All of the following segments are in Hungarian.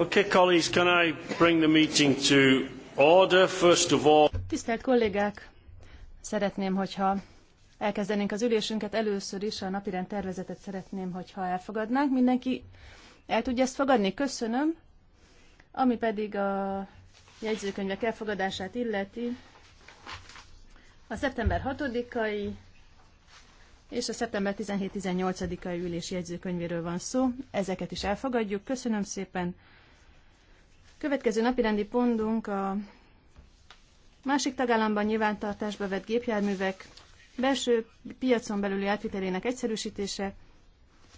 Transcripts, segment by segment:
Okay, colleagues, can I bring the meeting to order first of all? Tisztelt kollégák, szeretném, hogyha elkezdenénk az ülésünket. Először is a napirend tervezetet szeretném, hogyha elfogadnánk. Mindenki el tudja ezt fogadni? Köszönöm. Ami pedig a jegyzőkönyvek elfogadását illeti, a szeptember 6-ai és a szeptember 17-18-ai ülés jegyzőkönyvéről van szó. Ezeket is elfogadjuk. Köszönöm szépen. Következő napirendi pontunk a másik tagállamban nyilvántartásba vett gépjárművek belső piacon belüli átvitelének egyszerűsítése.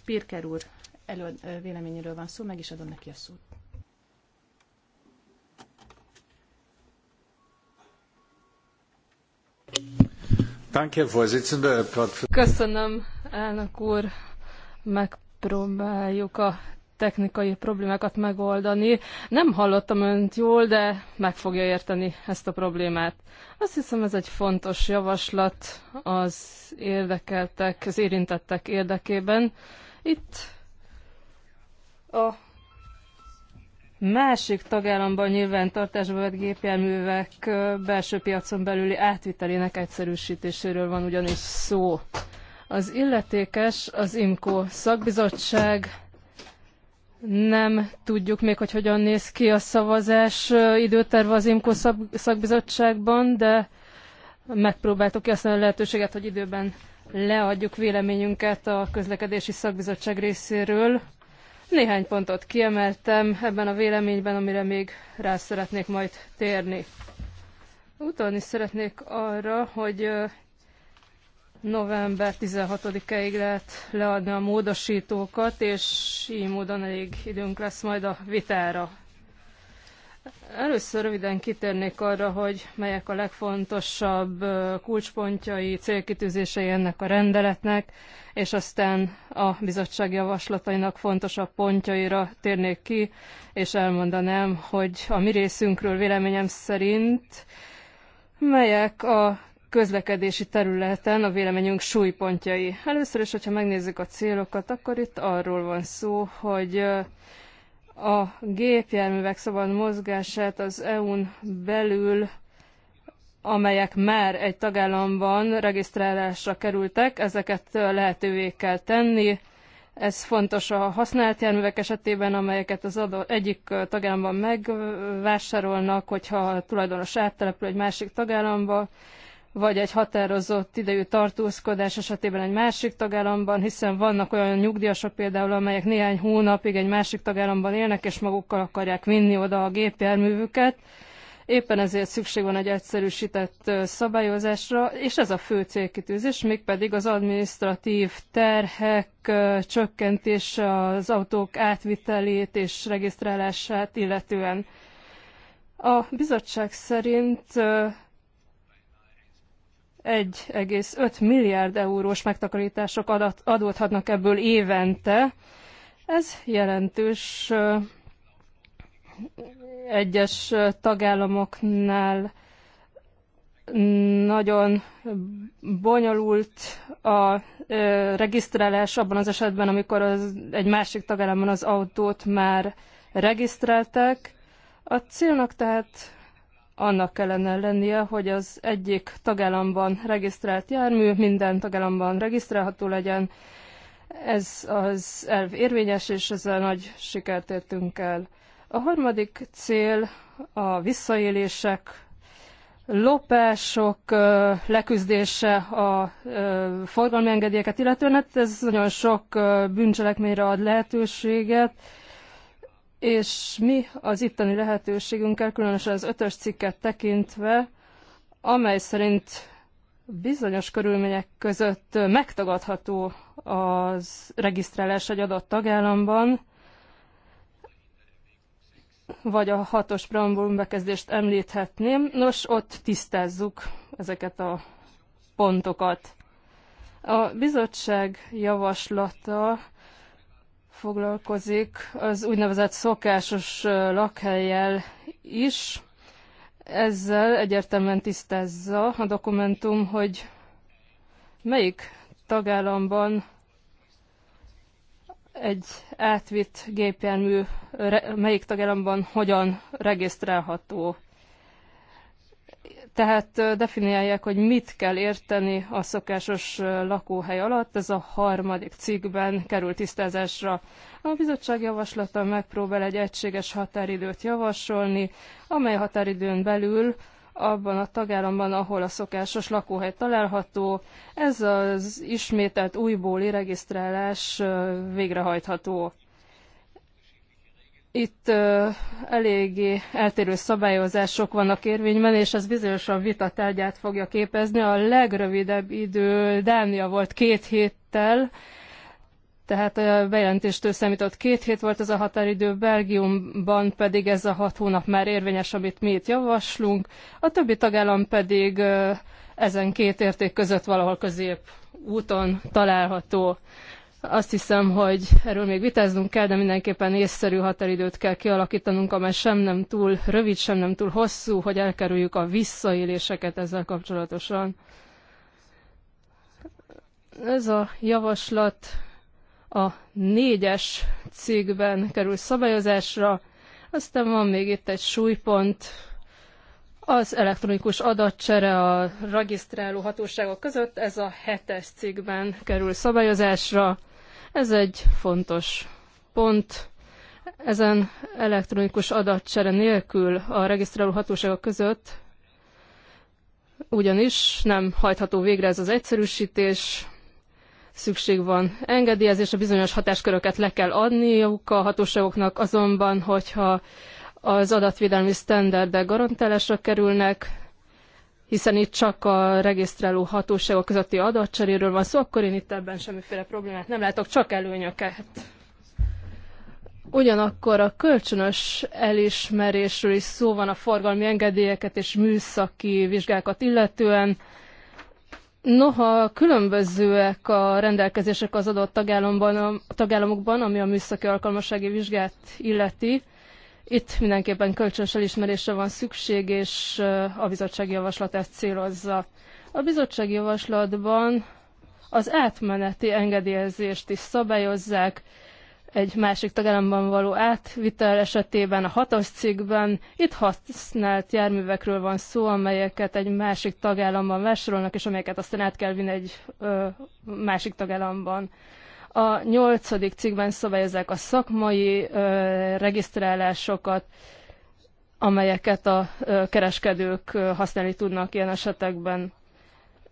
Pirker úr elő, véleményéről van szó, meg is adom neki a szót. Köszönöm, elnök úr. Megpróbáljuk a technikai problémákat megoldani. Nem hallottam önt jól, de meg fogja érteni ezt a problémát. Azt hiszem ez egy fontos javaslat az érdekeltek, az érintettek érdekében. Itt a másik tagállamban nyilván tartásba vett gépjárművek belső piacon belüli átvitelének egyszerűsítéséről van ugyanis szó. Az illetékes az IMCO szakbizottság, nem tudjuk még, hogy hogyan néz ki a szavazás időterve az IMKO szakbizottságban, de megpróbáltuk kihasználni a lehetőséget, hogy időben leadjuk véleményünket a közlekedési szakbizottság részéről. Néhány pontot kiemeltem ebben a véleményben, amire még rá szeretnék majd térni. Utalni szeretnék arra, hogy november 16-ig lehet leadni a módosítókat, és így módon elég időnk lesz majd a vitára. Először röviden kitérnék arra, hogy melyek a legfontosabb kulcspontjai, célkitűzései ennek a rendeletnek, és aztán a bizottság javaslatainak fontosabb pontjaira térnék ki, és elmondanám, hogy a mi részünkről véleményem szerint melyek a közlekedési területen a véleményünk súlypontjai. Először is, hogyha megnézzük a célokat, akkor itt arról van szó, hogy a gépjárművek szabad mozgását az EU-n belül amelyek már egy tagállamban regisztrálásra kerültek, ezeket lehetővé kell tenni. Ez fontos a használt járművek esetében, amelyeket az adó, egyik tagállamban megvásárolnak, hogyha a tulajdonos áttelepül egy másik tagállamba vagy egy határozott idejű tartózkodás esetében egy másik tagállamban, hiszen vannak olyan nyugdíjasok például, amelyek néhány hónapig egy másik tagállamban élnek, és magukkal akarják vinni oda a gépjárművüket. Éppen ezért szükség van egy egyszerűsített szabályozásra, és ez a fő célkitűzés, mégpedig az adminisztratív terhek csökkentése az autók átvitelét és regisztrálását illetően. A bizottság szerint 1,5 milliárd eurós megtakarítások adat, adódhatnak ebből évente. Ez jelentős egyes tagállamoknál nagyon bonyolult a regisztrálás abban az esetben, amikor az, egy másik tagállamban az autót már regisztrálták. A célnak tehát annak kellene lennie, hogy az egyik tagállamban regisztrált jármű minden tagállamban regisztrálható legyen. Ez az elv érvényes, és ezzel nagy sikert értünk el. A harmadik cél a visszaélések, lopások leküzdése a forgalmi engedélyeket illetően, hát ez nagyon sok bűncselekményre ad lehetőséget, és mi az itteni lehetőségünkkel, különösen az ötös cikket tekintve, amely szerint bizonyos körülmények között megtagadható az regisztrálás egy adott tagállamban, vagy a hatos preambulum bekezdést említhetném. Nos, ott tisztázzuk ezeket a pontokat. A bizottság javaslata foglalkozik az úgynevezett szokásos lakhelyjel is. Ezzel egyértelműen tisztázza a dokumentum, hogy melyik tagállamban egy átvitt gépjármű melyik tagállamban hogyan regisztrálható tehát definiálják, hogy mit kell érteni a szokásos lakóhely alatt. Ez a harmadik cikkben kerül tisztázásra. A bizottság javaslata megpróbál egy egységes határidőt javasolni, amely határidőn belül abban a tagállamban, ahol a szokásos lakóhely található, ez az ismételt újbóli regisztrálás végrehajtható itt ö, eléggé eltérő szabályozások vannak érvényben, és ez bizonyosan vita tárgyát fogja képezni. A legrövidebb idő Dánia volt két héttel, tehát a bejelentéstől számított két hét volt ez a határidő, Belgiumban pedig ez a hat hónap már érvényes, amit mi itt javaslunk, a többi tagállam pedig ö, ezen két érték között valahol közép úton található. Azt hiszem, hogy erről még vitáznunk kell, de mindenképpen észszerű határidőt kell kialakítanunk, amely sem nem túl rövid, sem nem túl hosszú, hogy elkerüljük a visszaéléseket ezzel kapcsolatosan. Ez a javaslat a négyes cégben kerül szabályozásra, aztán van még itt egy súlypont, az elektronikus adatcsere a regisztráló hatóságok között, ez a hetes cikkben kerül szabályozásra. Ez egy fontos pont. Ezen elektronikus adatcsere nélkül a regisztráló hatóságok között ugyanis nem hajtható végre ez az egyszerűsítés, szükség van engedélyezésre, bizonyos hatásköröket le kell adniuk a hatóságoknak, azonban, hogyha az adatvédelmi sztenderdek garantálásra kerülnek, hiszen itt csak a regisztráló hatóságok közötti adatcseréről van szó, akkor én itt ebben semmiféle problémát nem látok, csak előnyöket. Ugyanakkor a kölcsönös elismerésről is szó van a forgalmi engedélyeket és műszaki vizsgákat illetően. Noha különbözőek a rendelkezések az adott a tagállamokban, ami a műszaki alkalmassági vizsgát illeti, itt mindenképpen kölcsönös elismerésre van szükség, és a bizottsági javaslat ezt célozza. A bizottsági javaslatban az átmeneti engedélyezést is szabályozzák, egy másik tagállamban való átvitel esetében, a hatos cikkben itt használt járművekről van szó, amelyeket egy másik tagállamban vásárolnak, és amelyeket aztán át kell vinni egy ö, másik tagállamban. A nyolcadik cikkben szabályozzák a szakmai regisztrálásokat, amelyeket a kereskedők használni tudnak ilyen esetekben.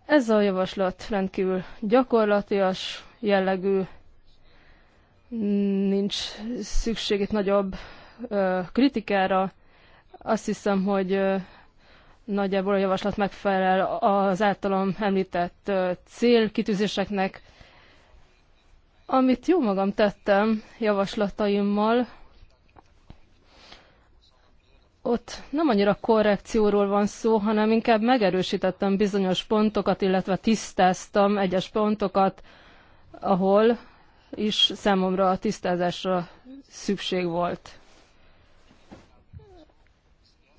Ez a javaslat rendkívül gyakorlatias jellegű, nincs szükség itt nagyobb kritikára. Azt hiszem, hogy nagyjából a javaslat megfelel az általam említett célkitűzéseknek, amit jó magam tettem javaslataimmal, ott nem annyira korrekcióról van szó, hanem inkább megerősítettem bizonyos pontokat, illetve tisztáztam egyes pontokat, ahol is számomra a tisztázásra szükség volt.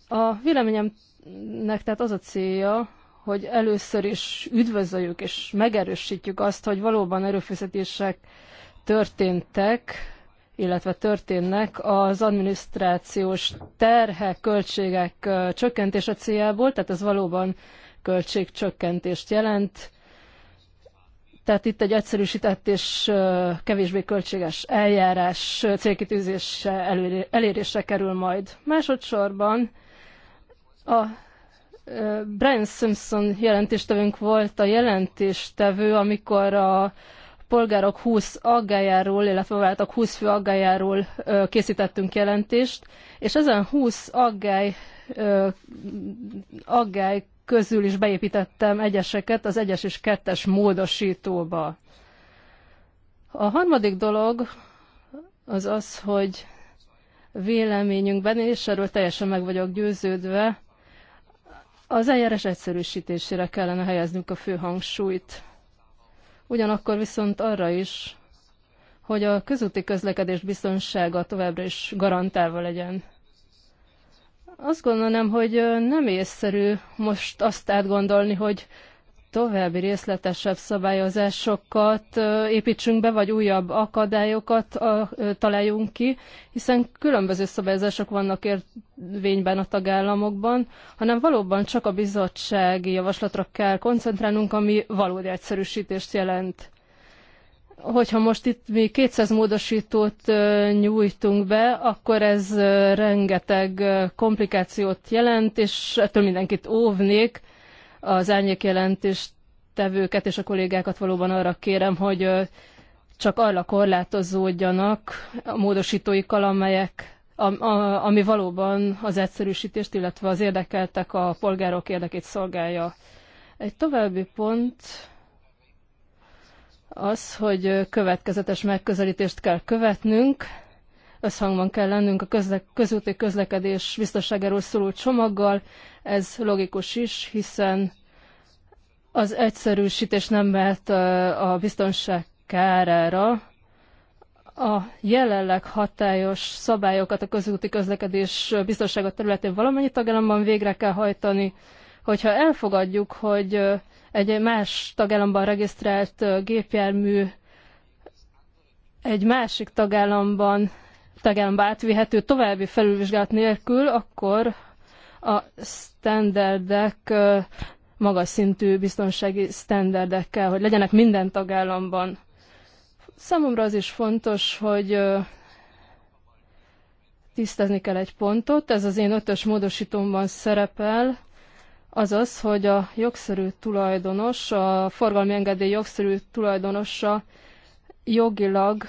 A véleményemnek tehát az a célja, hogy először is üdvözöljük és megerősítjük azt, hogy valóban erőfeszítések történtek, illetve történnek az adminisztrációs terhek, költségek csökkentése céljából, tehát ez valóban költségcsökkentést jelent. Tehát itt egy egyszerűsített és kevésbé költséges eljárás célkitűzése elérésre kerül majd. Másodszorban a Brian Simpson jelentéstevőnk volt a jelentéstevő, amikor a polgárok 20 aggájáról, illetve váltak 20 fő aggájáról készítettünk jelentést, és ezen 20 aggály, aggály közül is beépítettem egyeseket az egyes és kettes módosítóba. A harmadik dolog az az, hogy véleményünkben, és erről teljesen meg vagyok győződve, az eljárás egyszerűsítésére kellene helyeznünk a fő hangsúlyt. Ugyanakkor viszont arra is, hogy a közúti közlekedés biztonsága továbbra is garantálva legyen. Azt gondolom, hogy nem észszerű most azt átgondolni, hogy további részletesebb szabályozásokat építsünk be, vagy újabb akadályokat találjunk ki, hiszen különböző szabályozások vannak érvényben a tagállamokban, hanem valóban csak a bizottsági javaslatra kell koncentrálnunk, ami valódi egyszerűsítést jelent hogyha most itt mi 200 módosítót nyújtunk be, akkor ez rengeteg komplikációt jelent, és ettől mindenkit óvnék, az árnyék tevőket és a kollégákat valóban arra kérem, hogy csak arra korlátozódjanak a módosítóikkal, amelyek ami valóban az egyszerűsítést, illetve az érdekeltek a polgárok érdekét szolgálja. Egy további pont az, hogy következetes megközelítést kell követnünk, összhangban kell lennünk a közle- közúti közlekedés biztonságáról szóló csomaggal. Ez logikus is, hiszen az egyszerűsítés nem mehet a biztonság kárára, a jelenleg hatályos szabályokat a közúti közlekedés biztonsága területén valamennyi tagállamban végre kell hajtani. Hogyha elfogadjuk, hogy egy más tagállamban regisztrált gépjármű egy másik tagállamban tagállamba átvihető további felülvizsgálat nélkül, akkor a standardek magas szintű biztonsági standardekkel, hogy legyenek minden tagállamban. Számomra az is fontos, hogy tisztázni kell egy pontot, ez az én ötös módosítomban szerepel, azaz, hogy a jogszerű tulajdonos, a forgalmi engedély jogszerű tulajdonosa jogilag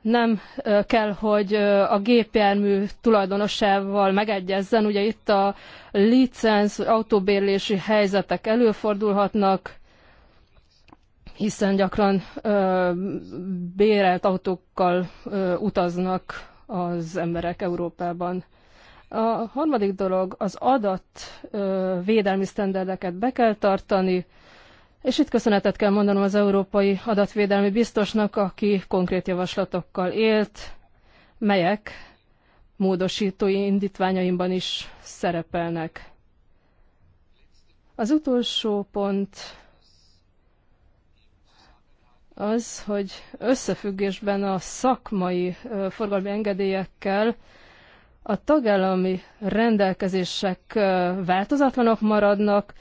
nem kell, hogy a gépjármű tulajdonosával megegyezzen. Ugye itt a licenc autóbérlési helyzetek előfordulhatnak, hiszen gyakran bérelt autókkal utaznak az emberek Európában. A harmadik dolog, az adatvédelmi sztenderdeket be kell tartani, és itt köszönetet kell mondanom az Európai Adatvédelmi Biztosnak, aki konkrét javaslatokkal élt, melyek módosítói indítványaimban is szerepelnek. Az utolsó pont az, hogy összefüggésben a szakmai forgalmi engedélyekkel a tagállami rendelkezések változatlanok maradnak,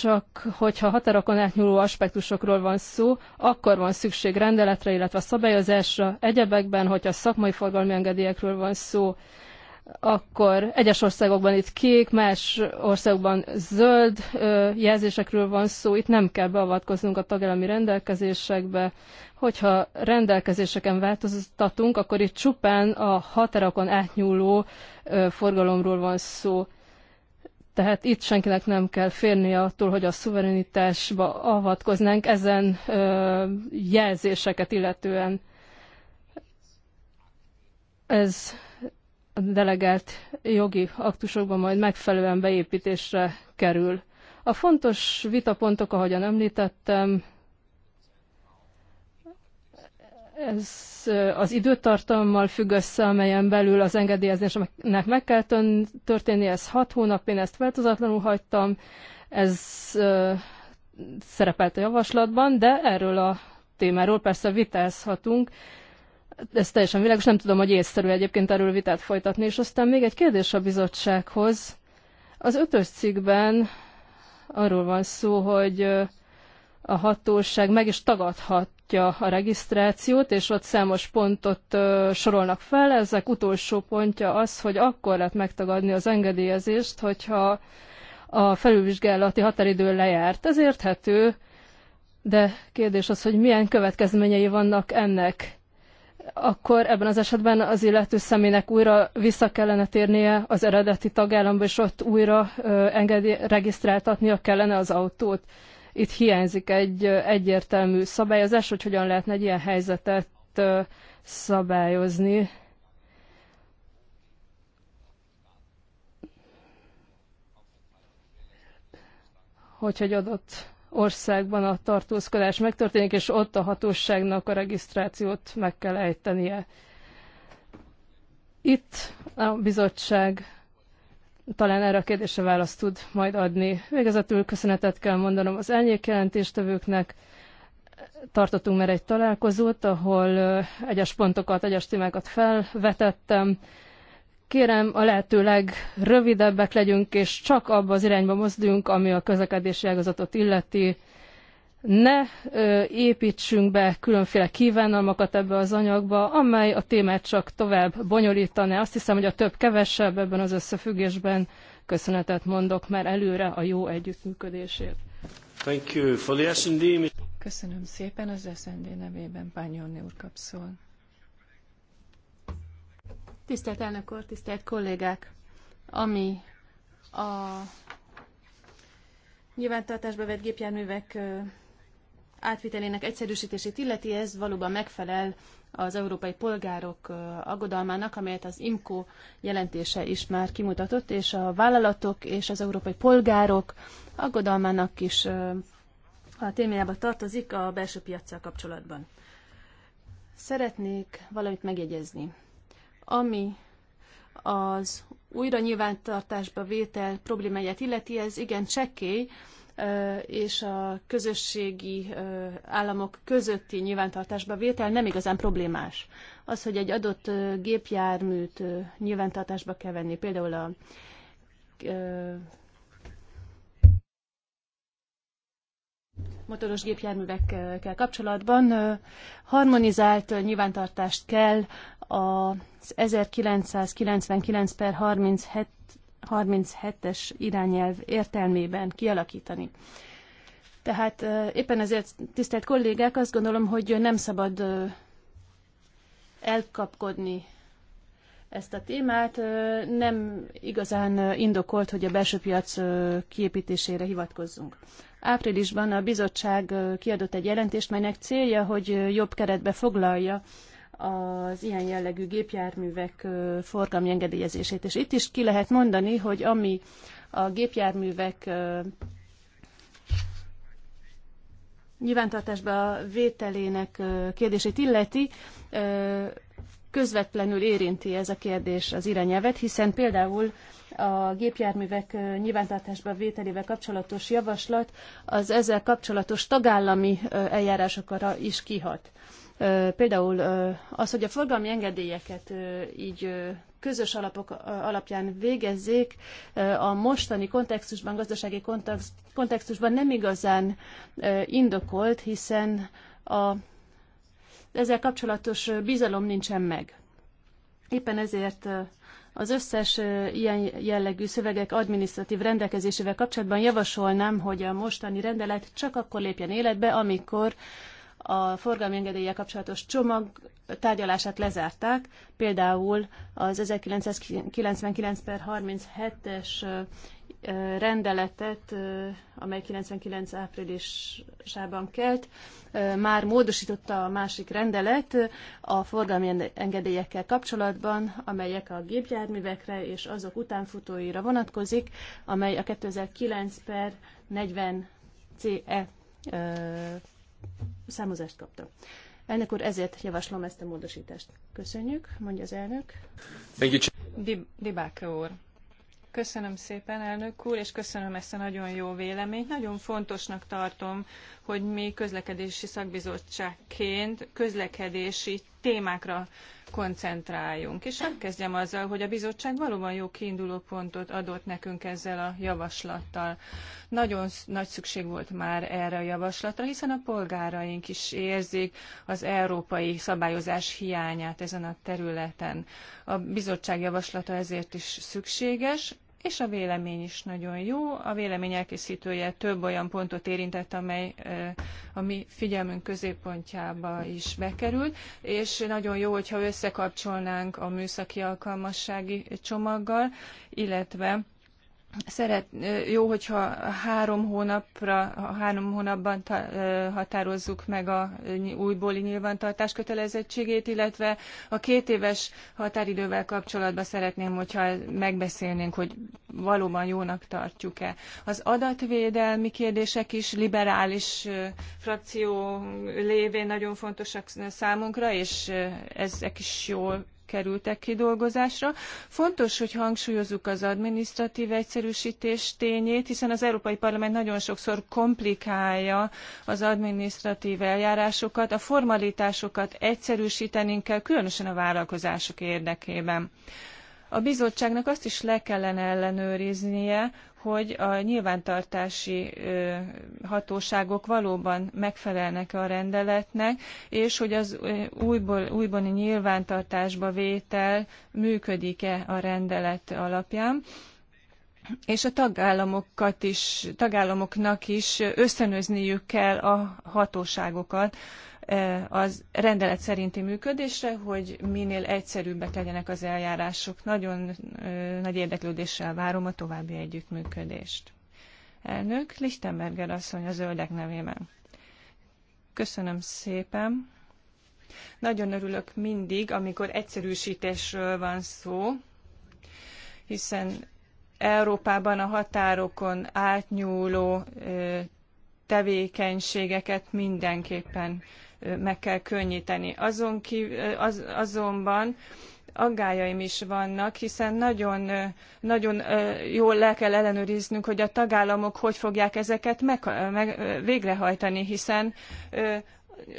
csak hogyha határokon átnyúló aspektusokról van szó, akkor van szükség rendeletre, illetve szabályozásra. Egyebekben, hogyha szakmai forgalmi engedélyekről van szó, akkor egyes országokban itt kék, más országokban zöld jelzésekről van szó, itt nem kell beavatkoznunk a tagállami rendelkezésekbe. Hogyha rendelkezéseken változtatunk, akkor itt csupán a határokon átnyúló forgalomról van szó. Tehát itt senkinek nem kell félnie attól, hogy a szuverenitásba avatkoznánk ezen ö, jelzéseket illetően. Ez a delegált jogi aktusokban majd megfelelően beépítésre kerül. A fontos vitapontok, ahogyan említettem, ez az időtartammal függ össze, amelyen belül az engedélyezésnek meg kell történni, ez hat hónap, én ezt változatlanul hagytam, ez szerepelt a javaslatban, de erről a témáról persze vitázhatunk, ez teljesen világos, nem tudom, hogy észszerű egyébként erről vitát folytatni, és aztán még egy kérdés a bizottsághoz. Az ötös cikkben arról van szó, hogy a hatóság meg is tagadhatja a regisztrációt, és ott számos pontot ö, sorolnak fel. Ezek utolsó pontja az, hogy akkor lehet megtagadni az engedélyezést, hogyha a felülvizsgálati határidő lejárt. Ez érthető, de kérdés az, hogy milyen következményei vannak ennek. Akkor ebben az esetben az illető személynek újra vissza kellene térnie az eredeti tagállamba, és ott újra ö, engedi- regisztráltatnia kellene az autót. Itt hiányzik egy egyértelmű szabályozás, hogy hogyan lehetne egy ilyen helyzetet szabályozni. Hogyha egy adott országban a tartózkodás megtörténik, és ott a hatóságnak a regisztrációt meg kell ejtenie. Itt a bizottság talán erre a kérdésre választ tud majd adni. Végezetül köszönetet kell mondanom az elnyék jelentéstevőknek. Tartottunk már egy találkozót, ahol egyes pontokat, egyes témákat felvetettem. Kérem, a lehető legrövidebbek legyünk, és csak abba az irányba mozduljunk, ami a közlekedési ágazatot illeti ne ö, építsünk be különféle kívánalmakat ebbe az anyagba, amely a témát csak tovább bonyolítaná. Azt hiszem, hogy a több-kevesebb ebben az összefüggésben köszönetet mondok már előre a jó együttműködésért. Thank you for the S&D. Köszönöm szépen, az SND nevében Pányolni úr kap szól. Tisztelt elnök úr, tisztelt kollégák! Ami a nyilvántartásba vett gépjárművek átvitelének egyszerűsítését illeti, ez valóban megfelel az európai polgárok aggodalmának, amelyet az IMCO jelentése is már kimutatott, és a vállalatok és az európai polgárok aggodalmának is a témájába tartozik a belső piaccal kapcsolatban. Szeretnék valamit megjegyezni. Ami az újra nyilvántartásba vétel problémáját illeti, ez igen csekély, és a közösségi államok közötti nyilvántartásba vétel nem igazán problémás. Az, hogy egy adott gépjárműt nyilvántartásba kell venni, például a motoros gépjárművekkel kapcsolatban harmonizált nyilvántartást kell az 1999 per 37 37-es irányelv értelmében kialakítani. Tehát éppen ezért, tisztelt kollégák, azt gondolom, hogy nem szabad elkapkodni ezt a témát. Nem igazán indokolt, hogy a belső piac kiépítésére hivatkozzunk. Áprilisban a bizottság kiadott egy jelentést, melynek célja, hogy jobb keretbe foglalja az ilyen jellegű gépjárművek forgalmi engedélyezését. És itt is ki lehet mondani, hogy ami a gépjárművek nyilvántartásba vételének kérdését illeti, közvetlenül érinti ez a kérdés az irányelvet, hiszen például a gépjárművek nyilvántartásba vételével kapcsolatos javaslat az ezzel kapcsolatos tagállami eljárásokra is kihat. Például az, hogy a forgalmi engedélyeket így közös alapok alapján végezzék, a mostani kontextusban, gazdasági kontextusban nem igazán indokolt, hiszen a, ezzel kapcsolatos bizalom nincsen meg. Éppen ezért az összes ilyen jellegű szövegek adminisztratív rendelkezésével kapcsolatban javasolnám, hogy a mostani rendelet csak akkor lépjen életbe, amikor a forgalmi engedélye kapcsolatos csomag tárgyalását lezárták, például az 1999 per 37-es rendeletet, amely 99 áprilisában kelt, már módosította a másik rendelet a forgalmi engedélyekkel kapcsolatban, amelyek a gépjárművekre és azok utánfutóira vonatkozik, amely a 2009 per 40 CE számozást kapta. Elnök úr, ezért javaslom ezt a módosítást. Köszönjük, mondja az elnök. Dibáke úr. Köszönöm szépen, elnök úr, és köszönöm ezt a nagyon jó véleményt. Nagyon fontosnak tartom, hogy mi közlekedési szakbizottságként közlekedési témákra koncentráljunk. És hát kezdjem azzal, hogy a bizottság valóban jó kiinduló pontot adott nekünk ezzel a javaslattal. Nagyon nagy szükség volt már erre a javaslatra, hiszen a polgáraink is érzik az európai szabályozás hiányát ezen a területen. A bizottság javaslata ezért is szükséges, és a vélemény is nagyon jó. A vélemény elkészítője több olyan pontot érintett, amely a mi figyelmünk középpontjába is bekerült, és nagyon jó, hogyha összekapcsolnánk a műszaki alkalmassági csomaggal, illetve szeret, jó, hogyha három hónapra, három hónapban ta, határozzuk meg a újbóli nyilvántartás kötelezettségét, illetve a két éves határidővel kapcsolatban szeretném, hogyha megbeszélnénk, hogy valóban jónak tartjuk-e. Az adatvédelmi kérdések is liberális frakció lévén nagyon fontosak számunkra, és ezek is jól kerültek kidolgozásra. Fontos, hogy hangsúlyozzuk az administratív egyszerűsítés tényét, hiszen az Európai Parlament nagyon sokszor komplikálja az administratív eljárásokat, a formalitásokat egyszerűsíteni kell, különösen a vállalkozások érdekében. A bizottságnak azt is le kellene ellenőriznie, hogy a nyilvántartási hatóságok valóban megfelelnek a rendeletnek, és hogy az újból, újboni nyilvántartásba vétel működik-e a rendelet alapján és a tagállamokat is, tagállamoknak is ösztönözniük kell a hatóságokat az rendelet szerinti működésre, hogy minél egyszerűbbek legyenek az eljárások. Nagyon nagy érdeklődéssel várom a további együttműködést. Elnök Lichtenberger asszony a zöldek nevében. Köszönöm szépen. Nagyon örülök mindig, amikor egyszerűsítésről van szó, hiszen Európában a határokon átnyúló tevékenységeket mindenképpen meg kell könnyíteni. Azon ki, az, azonban aggályaim is vannak, hiszen nagyon, nagyon jól le kell ellenőriznünk, hogy a tagállamok hogy fogják ezeket meg, meg, végrehajtani, hiszen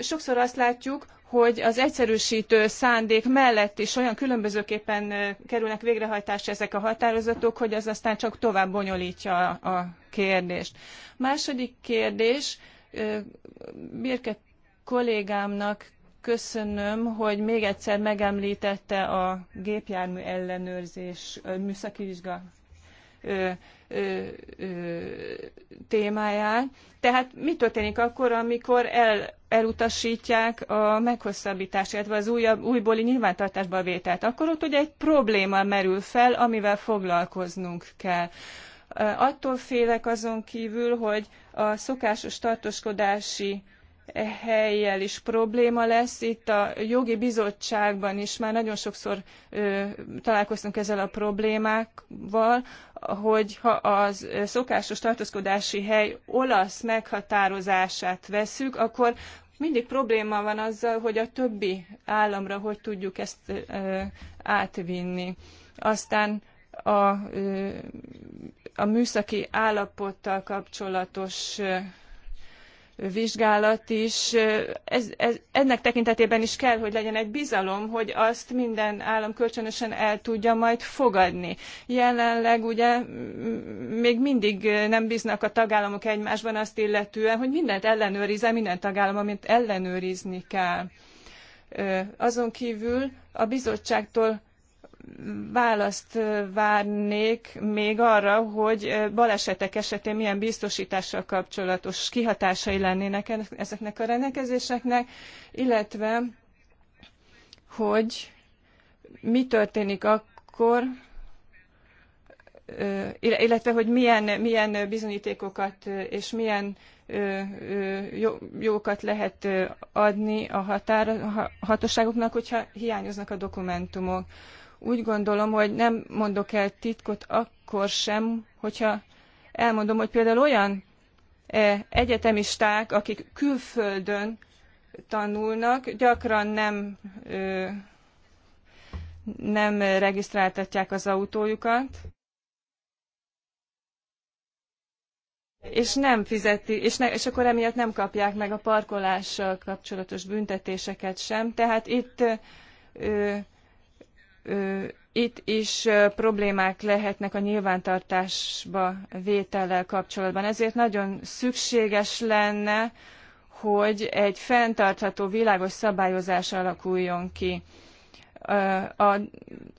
sokszor azt látjuk, hogy az egyszerűsítő szándék mellett is olyan különbözőképpen kerülnek végrehajtásra ezek a határozatok, hogy az aztán csak tovább bonyolítja a, kérdést. Második kérdés, Birke kollégámnak köszönöm, hogy még egyszer megemlítette a gépjármű ellenőrzés műszaki vizsga ö, ö, ö, témáját. Tehát mi történik akkor, amikor el, elutasítják a meghosszabbítást, illetve az újabb, újbóli nyilvántartásba vételt? Akkor ott ugye egy probléma merül fel, amivel foglalkoznunk kell. Attól félek azon kívül, hogy a szokásos tartózkodási helyjel is probléma lesz. Itt a jogi bizottságban is már nagyon sokszor ö, találkoztunk ezzel a problémákkal, hogy ha az szokásos tartózkodási hely olasz meghatározását vesszük, akkor mindig probléma van azzal, hogy a többi államra hogy tudjuk ezt ö, átvinni. Aztán a, ö, a műszaki állapottal kapcsolatos vizsgálat is, ez, ez, ennek tekintetében is kell, hogy legyen egy bizalom, hogy azt minden állam kölcsönösen el tudja majd fogadni. Jelenleg ugye még mindig nem bíznak a tagállamok egymásban azt illetően, hogy mindent ellenőrizzen minden tagállam, amit ellenőrizni kell. Azon kívül a bizottságtól választ várnék még arra, hogy balesetek esetén milyen biztosítással kapcsolatos kihatásai lennének ezeknek a rendelkezéseknek, illetve hogy mi történik akkor, illetve hogy milyen, milyen bizonyítékokat és milyen jókat lehet adni a határ, hatóságoknak, hogyha hiányoznak a dokumentumok úgy gondolom, hogy nem mondok el titkot akkor sem, hogyha elmondom, hogy például olyan e, egyetemisták, akik külföldön tanulnak, gyakran nem, nem regisztráltatják az autójukat, és nem fizeti, és, ne, és akkor emiatt nem kapják meg a parkolással kapcsolatos büntetéseket sem. Tehát itt ö, itt is problémák lehetnek a nyilvántartásba vétellel kapcsolatban. Ezért nagyon szükséges lenne, hogy egy fenntartható, világos szabályozás alakuljon ki a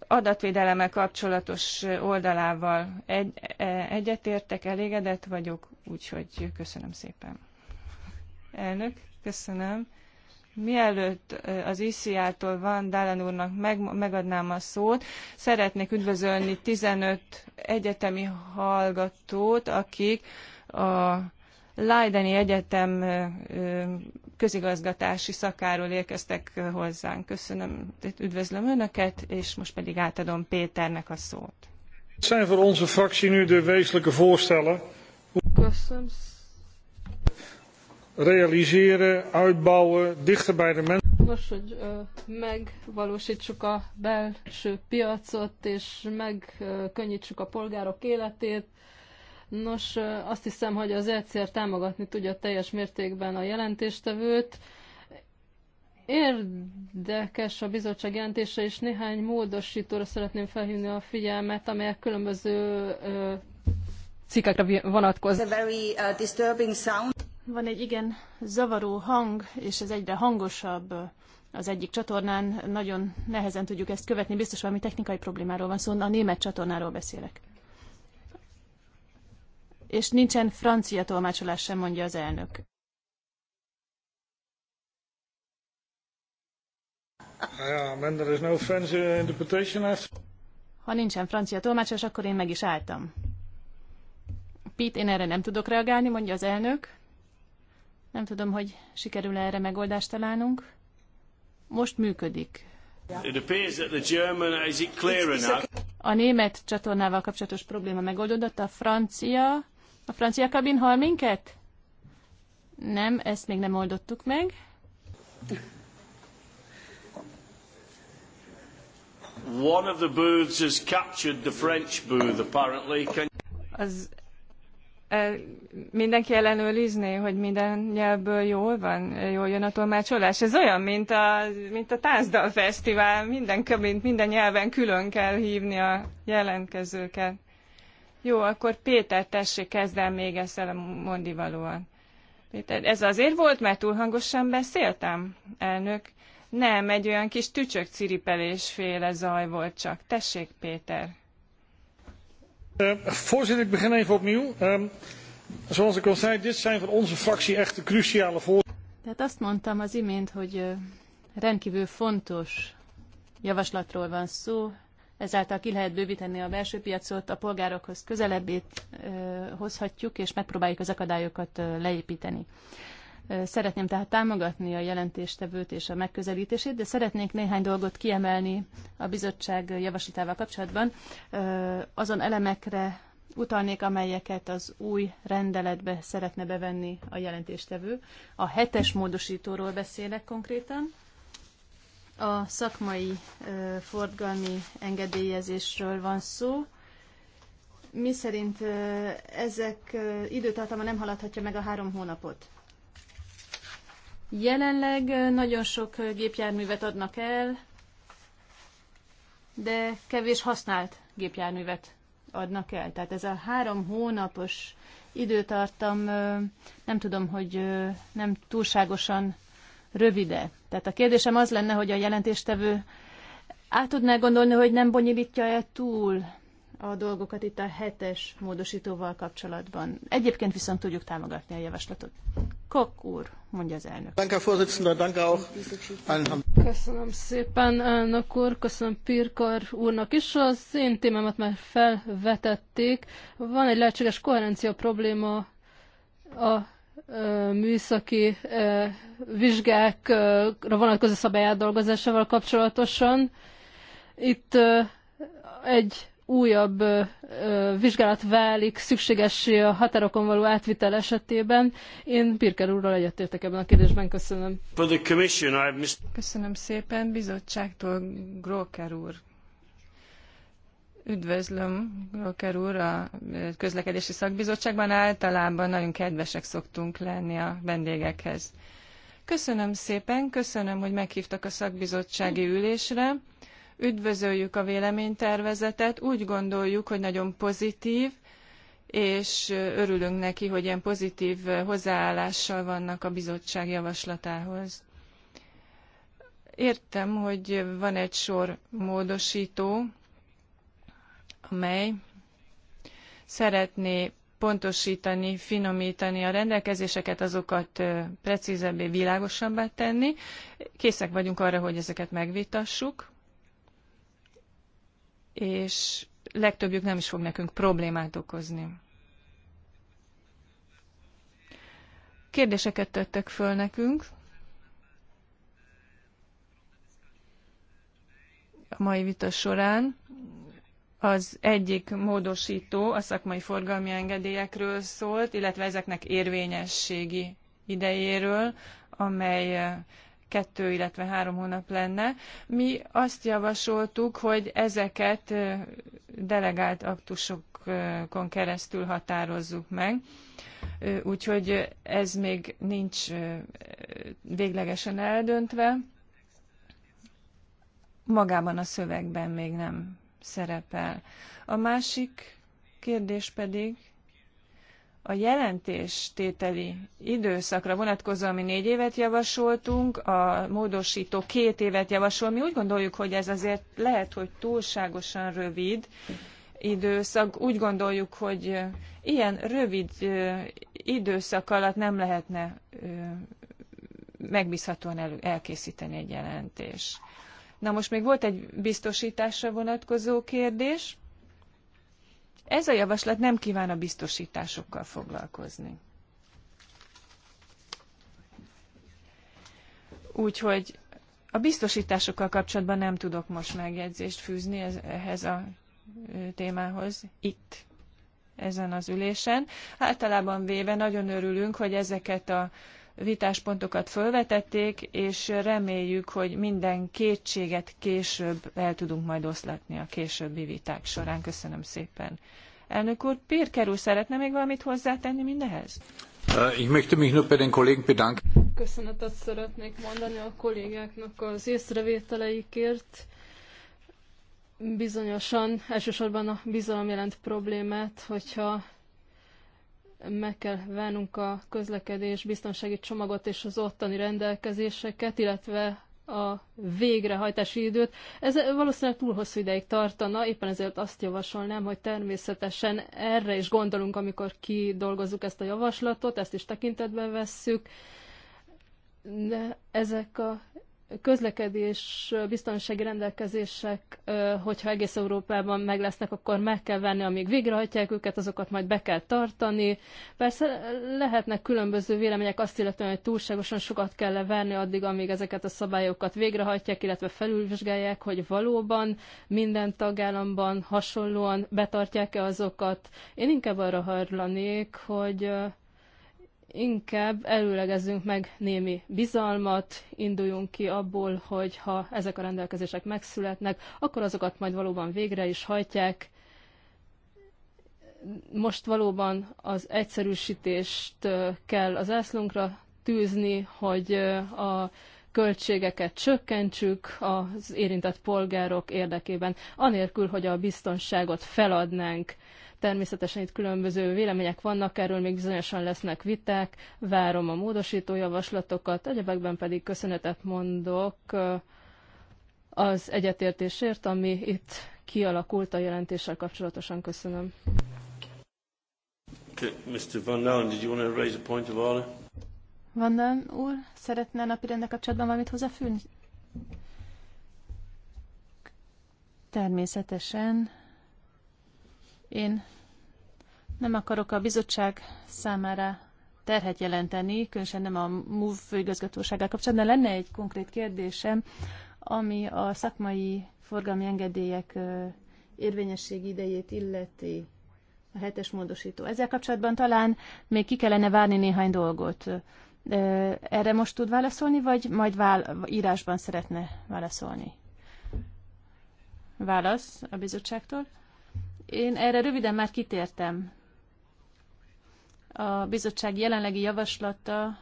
adatvédelemmel kapcsolatos oldalával egy, e, egyetértek, elégedett vagyok, úgyhogy köszönöm szépen. Elnök, köszönöm. Mielőtt az ICR-tól Van Dálan úrnak meg, megadnám a szót, szeretnék üdvözölni 15 egyetemi hallgatót, akik a Leideni Egyetem közigazgatási szakáról érkeztek hozzánk. Köszönöm, üdvözlöm Önöket, és most pedig átadom Péternek a szót. Zijn voor Köszönöm realiseren, uitbouwen, dichter bij de mensen. Nos, hogy ö, megvalósítsuk a belső piacot, és megkönnyítsük a polgárok életét. Nos, ö, azt hiszem, hogy az ECR támogatni tudja teljes mértékben a jelentéstevőt. Érdekes a bizottság jelentése, és néhány módosítóra szeretném felhívni a figyelmet, amelyek különböző ö, cikkekre vonatkoznak. Van egy igen zavaró hang, és ez egyre hangosabb az egyik csatornán. Nagyon nehezen tudjuk ezt követni, biztos valami technikai problémáról van szó, szóval a német csatornáról beszélek. És nincsen francia tolmácsolás sem, mondja az elnök. Uh, ha nincsen francia tolmácsolás, akkor én meg is álltam. Pete, én erre nem tudok reagálni, mondja az elnök. Nem tudom, hogy sikerül -e erre megoldást találnunk. Most működik. A német csatornával kapcsolatos probléma megoldódott, a francia... A francia kabin hal minket? Nem, ezt még nem oldottuk meg. One of the booths has captured the French booth, apparently. Can... Az mindenki ellenőrizné, hogy minden nyelvből jól van, jól jön a tolmácsolás. Ez olyan, mint a, mint a Tázdal Fesztivál, minden, mint minden nyelven külön kell hívni a jelentkezőket. Jó, akkor Péter, tessék, kezd el még ezzel a mondivalóan. Péter, ez azért volt, mert túl hangosan beszéltem, elnök? Nem, egy olyan kis tücsök ciripelésféle zaj volt csak. Tessék, Péter. Eh, voorzitter, ik begin even opnieuw. Ehm, zoals ik al zei, dit zijn voor onze fractie echt de cruciale Tehát azt mondtam az imént, hogy eh, rendkívül fontos javaslatról van szó, ezáltal ki lehet bővíteni a belső piacot, a polgárokhoz közelebbét eh, hozhatjuk, és megpróbáljuk az akadályokat leépíteni. Szeretném tehát támogatni a jelentéstevőt és a megközelítését, de szeretnék néhány dolgot kiemelni a bizottság javaslatával kapcsolatban. Azon elemekre utalnék, amelyeket az új rendeletbe szeretne bevenni a jelentéstevő. A hetes módosítóról beszélek konkrétan. A szakmai forgalmi engedélyezésről van szó mi szerint ezek időtartama nem haladhatja meg a három hónapot. Jelenleg nagyon sok gépjárművet adnak el, de kevés használt gépjárművet adnak el. Tehát ez a három hónapos időtartam nem tudom, hogy nem túlságosan rövide. Tehát a kérdésem az lenne, hogy a jelentéstevő át tudná gondolni, hogy nem bonyolítja-e túl a dolgokat itt a hetes módosítóval kapcsolatban. Egyébként viszont tudjuk támogatni a javaslatot. Kok úr, mondja az elnök. Köszönöm szépen, elnök úr, köszönöm Pirkar úrnak is. Az én témámat már felvetették. Van egy lehetséges koherencia probléma a műszaki vizsgákra vonatkozó dolgozásával kapcsolatosan. Itt egy újabb vizsgálat válik szükségessé a határokon való átvitel esetében. Én Pirker úrral egyetértek ebben a kérdésben. Köszönöm. Köszönöm szépen. Bizottságtól Gróker úr. Üdvözlöm, Roker úr, a közlekedési szakbizottságban általában nagyon kedvesek szoktunk lenni a vendégekhez. Köszönöm szépen, köszönöm, hogy meghívtak a szakbizottsági ülésre Üdvözöljük a véleménytervezetet, úgy gondoljuk, hogy nagyon pozitív, és örülünk neki, hogy ilyen pozitív hozzáállással vannak a bizottság javaslatához. Értem, hogy van egy sor módosító, amely szeretné pontosítani, finomítani a rendelkezéseket, azokat precízebbé, világosabbá tenni. Készek vagyunk arra, hogy ezeket megvitassuk és legtöbbjük nem is fog nekünk problémát okozni. Kérdéseket tettek föl nekünk a mai vita során. Az egyik módosító a szakmai forgalmi engedélyekről szólt, illetve ezeknek érvényességi idejéről, amely kettő, illetve három hónap lenne. Mi azt javasoltuk, hogy ezeket delegált aktusokon keresztül határozzuk meg, úgyhogy ez még nincs véglegesen eldöntve. Magában a szövegben még nem szerepel. A másik kérdés pedig, a jelentéstételi időszakra vonatkozó, ami négy évet javasoltunk, a módosító két évet javasol. Mi úgy gondoljuk, hogy ez azért lehet, hogy túlságosan rövid időszak. Úgy gondoljuk, hogy ilyen rövid időszak alatt nem lehetne megbízhatóan elő, elkészíteni egy jelentést. Na most még volt egy biztosításra vonatkozó kérdés ez a javaslat nem kíván a biztosításokkal foglalkozni. Úgyhogy a biztosításokkal kapcsolatban nem tudok most megjegyzést fűzni ehhez a témához itt, ezen az ülésen. Általában véve nagyon örülünk, hogy ezeket a vitáspontokat fölvetették, és reméljük, hogy minden kétséget később el tudunk majd oszlatni a későbbi viták során. Köszönöm szépen. Elnök úr, Pirker úr, szeretne még valamit hozzátenni mindehez? Äh, ich möchte mich nur bei den Kollegen bedanken. Köszönetet szeretnék mondani a kollégáknak az észrevételeikért. Bizonyosan elsősorban a bizalom jelent problémát, hogyha meg kell vennünk a közlekedés biztonsági csomagot és az ottani rendelkezéseket, illetve a végrehajtási időt. Ez valószínűleg túl hosszú ideig tartana, éppen ezért azt javasolnám, hogy természetesen erre is gondolunk, amikor kidolgozzuk ezt a javaslatot, ezt is tekintetbe vesszük, de ezek a közlekedés biztonsági rendelkezések, hogyha egész Európában meg lesznek, akkor meg kell venni, amíg végrehajtják őket, azokat majd be kell tartani. Persze lehetnek különböző vélemények azt illetően, hogy túlságosan sokat kell leverni addig, amíg ezeket a szabályokat végrehajtják, illetve felülvizsgálják, hogy valóban minden tagállamban hasonlóan betartják-e azokat. Én inkább arra hajlanék, hogy inkább előlegezzünk meg némi bizalmat, induljunk ki abból, hogy ha ezek a rendelkezések megszületnek, akkor azokat majd valóban végre is hajtják. Most valóban az egyszerűsítést kell az ászlunkra tűzni, hogy a költségeket csökkentsük az érintett polgárok érdekében, anélkül, hogy a biztonságot feladnánk. Természetesen itt különböző vélemények vannak, erről még bizonyosan lesznek viták, várom a módosító javaslatokat, egyebekben pedig köszönetet mondok az egyetértésért, ami itt kialakult a jelentéssel kapcsolatosan. Köszönöm. Mr. Van Dalen, did you want to raise a point of order? Van úr, szeretne a napirendel kapcsolatban valamit hozzáfűzni? Természetesen én nem akarok a bizottság számára terhet jelenteni, különösen nem a MUV főigazgatósággal kapcsolatban, de lenne egy konkrét kérdésem, ami a szakmai forgalmi engedélyek érvényességi idejét illeti a hetes módosító. Ezzel kapcsolatban talán még ki kellene várni néhány dolgot. Erre most tud válaszolni, vagy majd vál- írásban szeretne válaszolni? Válasz a bizottságtól. Én erre röviden már kitértem. A bizottság jelenlegi javaslata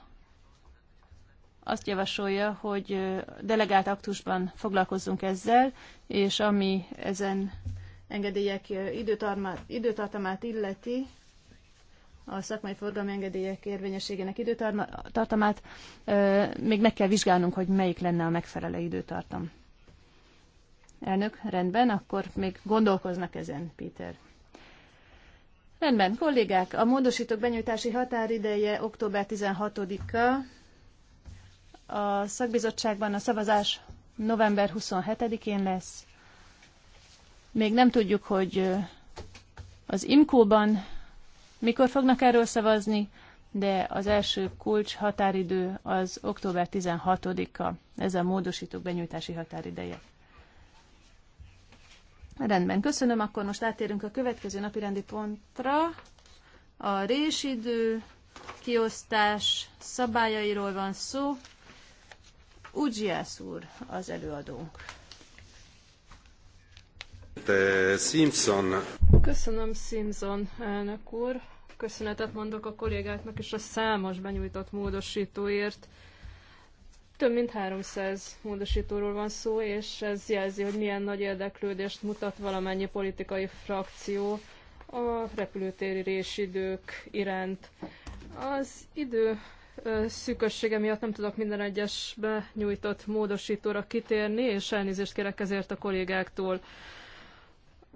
azt javasolja, hogy delegált aktusban foglalkozzunk ezzel, és ami ezen engedélyek időtartamát illeti, a szakmai forgalmi engedélyek érvényességének időtartamát, még meg kell vizsgálnunk, hogy melyik lenne a megfelelő időtartam. Elnök, rendben, akkor még gondolkoznak ezen, Péter. Rendben, kollégák, a módosítók benyújtási határideje október 16-a. A szakbizottságban a szavazás november 27-én lesz. Még nem tudjuk, hogy az IMKO-ban mikor fognak erről szavazni, de az első kulcs határidő az október 16-a, ez a módosítók benyújtási határideje. Rendben, köszönöm. Akkor most átérünk a következő napi rendi pontra. A résidő kiosztás szabályairól van szó. Ugyász úr az előadónk. De Simpson. Köszönöm Simpson elnök úr. Köszönetet mondok a kollégáknak és a számos benyújtott módosítóért. Több mint 300 módosítóról van szó, és ez jelzi, hogy milyen nagy érdeklődést mutat valamennyi politikai frakció a repülőtéri résidők iránt. Az idő szűkössége miatt nem tudok minden egyesbe nyújtott módosítóra kitérni, és elnézést kérek ezért a kollégáktól.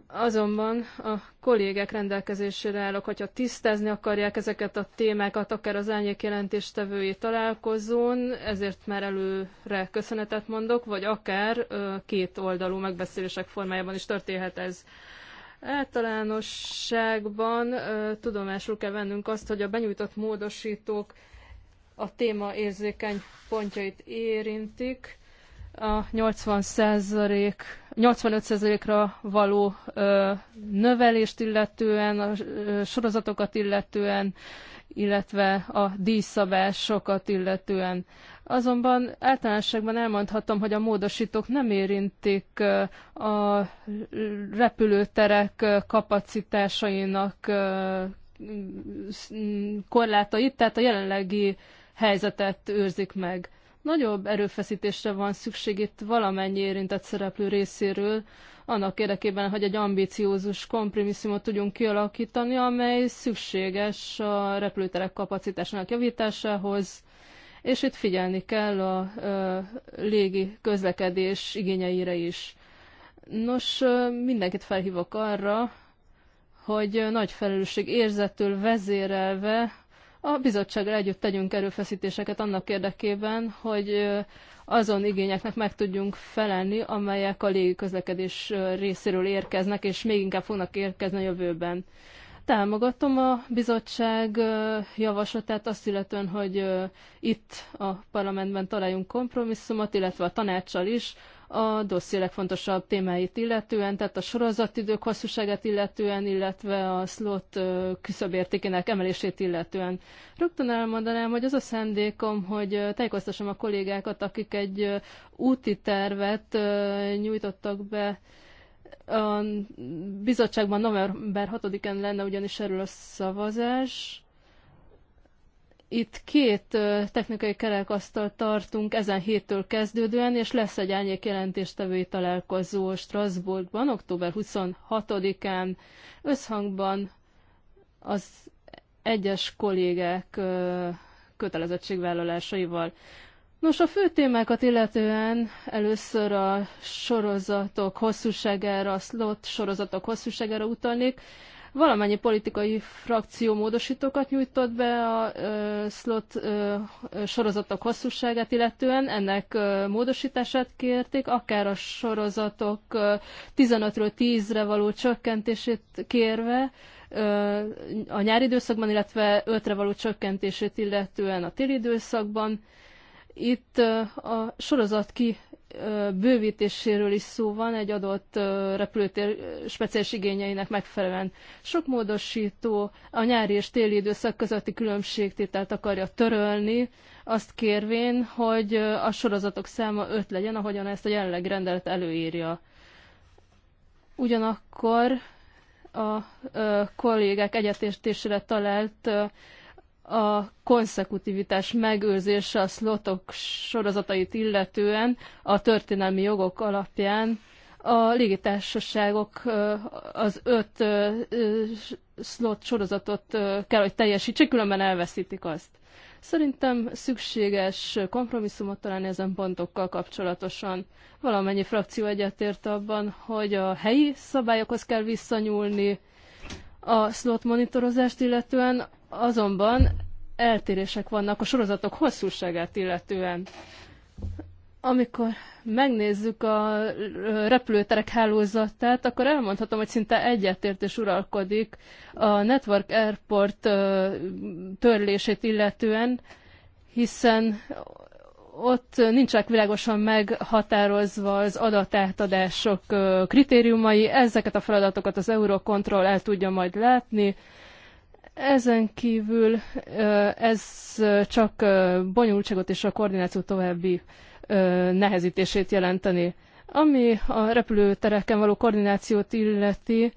Azonban a kollégek rendelkezésére állok, hogyha tisztázni akarják ezeket a témákat, akár az árnyék jelentéstevői találkozón, ezért már előre köszönetet mondok, vagy akár két oldalú megbeszélések formájában is történhet ez. Általánosságban tudomásul kell vennünk azt, hogy a benyújtott módosítók a téma érzékeny pontjait érintik, a 80 85%-ra való ö, növelést illetően, a ö, sorozatokat illetően, illetve a díjszabásokat illetően. Azonban általánosságban elmondhatom, hogy a módosítók nem érintik a repülőterek kapacitásainak korlátait, tehát a jelenlegi helyzetet őrzik meg. Nagyobb erőfeszítésre van szükség itt valamennyi érintett szereplő részéről, annak érdekében, hogy egy ambiciózus kompromisszumot tudjunk kialakítani, amely szükséges a repülőterek kapacitásának javításához, és itt figyelni kell a, a légi közlekedés igényeire is. Nos, mindenkit felhívok arra, hogy nagy felelősség érzettől vezérelve a bizottsággal együtt tegyünk erőfeszítéseket annak érdekében, hogy azon igényeknek meg tudjunk felelni, amelyek a közlekedés részéről érkeznek, és még inkább fognak érkezni a jövőben. Támogatom a bizottság javaslatát azt illetően, hogy itt a parlamentben találjunk kompromisszumot, illetve a tanácssal is, a dosszié legfontosabb témáit illetően, tehát a sorozatidők hosszúságát illetően, illetve a slot küszöbértékének emelését illetően. Rögtön elmondanám, hogy az a szándékom, hogy tájékoztassam a kollégákat, akik egy úti tervet nyújtottak be a bizottságban november 6-án lenne ugyanis erről a szavazás, itt két technikai kerekasztalt tartunk ezen héttől kezdődően, és lesz egy árnyék jelentéstevői találkozó Strasbourgban, október 26-án összhangban az egyes kollégák kötelezettségvállalásaival. Nos, a fő témákat illetően először a sorozatok hosszúságára, a slot sorozatok hosszúságára utalnék. Valamennyi politikai frakció módosítókat nyújtott be a uh, slot uh, sorozatok hosszúságát illetően, ennek uh, módosítását kérték, akár a sorozatok 15-ről 10-re való csökkentését kérve, a nyári időszakban, illetve 5-re való csökkentését illetően a téli időszakban, itt a sorozat ki bővítéséről is szó van egy adott repülőtér speciális igényeinek megfelelően. Sok módosító a nyári és téli időszak közötti különbségtételt akarja törölni, azt kérvén, hogy a sorozatok száma 5 legyen, ahogyan ezt a jelenleg rendelet előírja. Ugyanakkor a kollégák egyetértésére talált a konszekutivitás megőrzése a szlotok sorozatait illetően a történelmi jogok alapján a légitársaságok az öt slot sorozatot kell, hogy teljesítsék, különben elveszítik azt. Szerintem szükséges kompromisszumot találni ezen pontokkal kapcsolatosan. Valamennyi frakció egyetért abban, hogy a helyi szabályokhoz kell visszanyúlni a slot monitorozást illetően, Azonban eltérések vannak a sorozatok hosszúságát illetően. Amikor megnézzük a repülőterek hálózatát, akkor elmondhatom, hogy szinte egyetértés uralkodik a Network Airport törlését illetően, hiszen ott nincsenek világosan meghatározva az adatátadások kritériumai, ezeket a feladatokat az Eurocontrol el tudja majd látni, ezen kívül ez csak bonyolultságot és a koordináció további nehezítését jelenteni. Ami a repülőtereken való koordinációt illeti,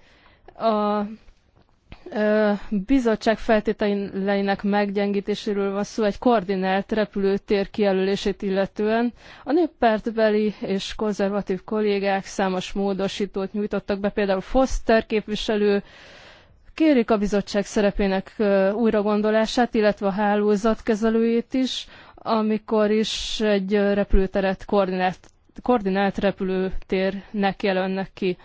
a bizottság feltételeinek meggyengítéséről van szó egy koordinált repülőtér kijelölését illetően. A néppártbeli és konzervatív kollégák számos módosítót nyújtottak be, például Foster képviselő, Kérik a bizottság szerepének újragondolását, illetve a kezelőjét is, amikor is egy repülőteret koordinált, koordinált repülőtérnek jelölnek ki.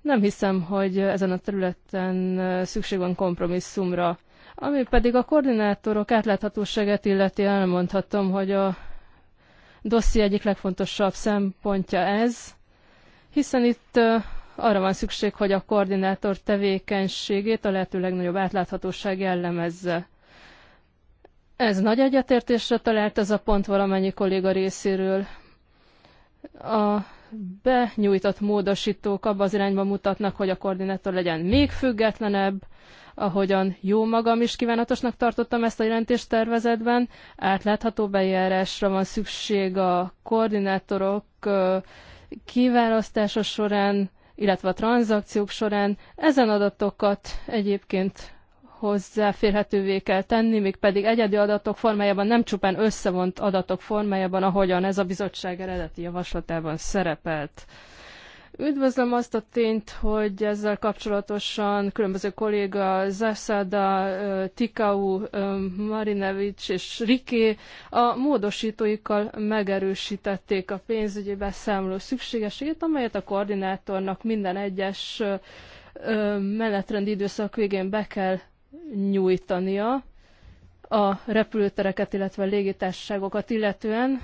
Nem hiszem, hogy ezen a területen szükség van kompromisszumra. Ami pedig a koordinátorok átláthatóságát illeti, elmondhatom, hogy a dosszi egyik legfontosabb szempontja ez, hiszen itt arra van szükség, hogy a koordinátor tevékenységét a lehető legnagyobb átláthatóság jellemezze. Ez nagy egyetértésre talált ez a pont valamennyi kolléga részéről. A benyújtott módosítók abba az irányba mutatnak, hogy a koordinátor legyen még függetlenebb, ahogyan jó magam is kívánatosnak tartottam ezt a jelentéstervezetben. Átlátható bejárásra van szükség a koordinátorok kiválasztása során, illetve a tranzakciók során. Ezen adatokat egyébként hozzáférhetővé kell tenni, még pedig egyedi adatok formájában, nem csupán összevont adatok formájában, ahogyan ez a bizottság eredeti javaslatában szerepelt. Üdvözlöm azt a tényt, hogy ezzel kapcsolatosan különböző kolléga Zászáda, Tikau, Marinevics és Riké a módosítóikkal megerősítették a pénzügyi beszámoló szükségességét, amelyet a koordinátornak minden egyes menetrendi időszak végén be kell nyújtania a repülőtereket, illetve légitársaságokat illetően,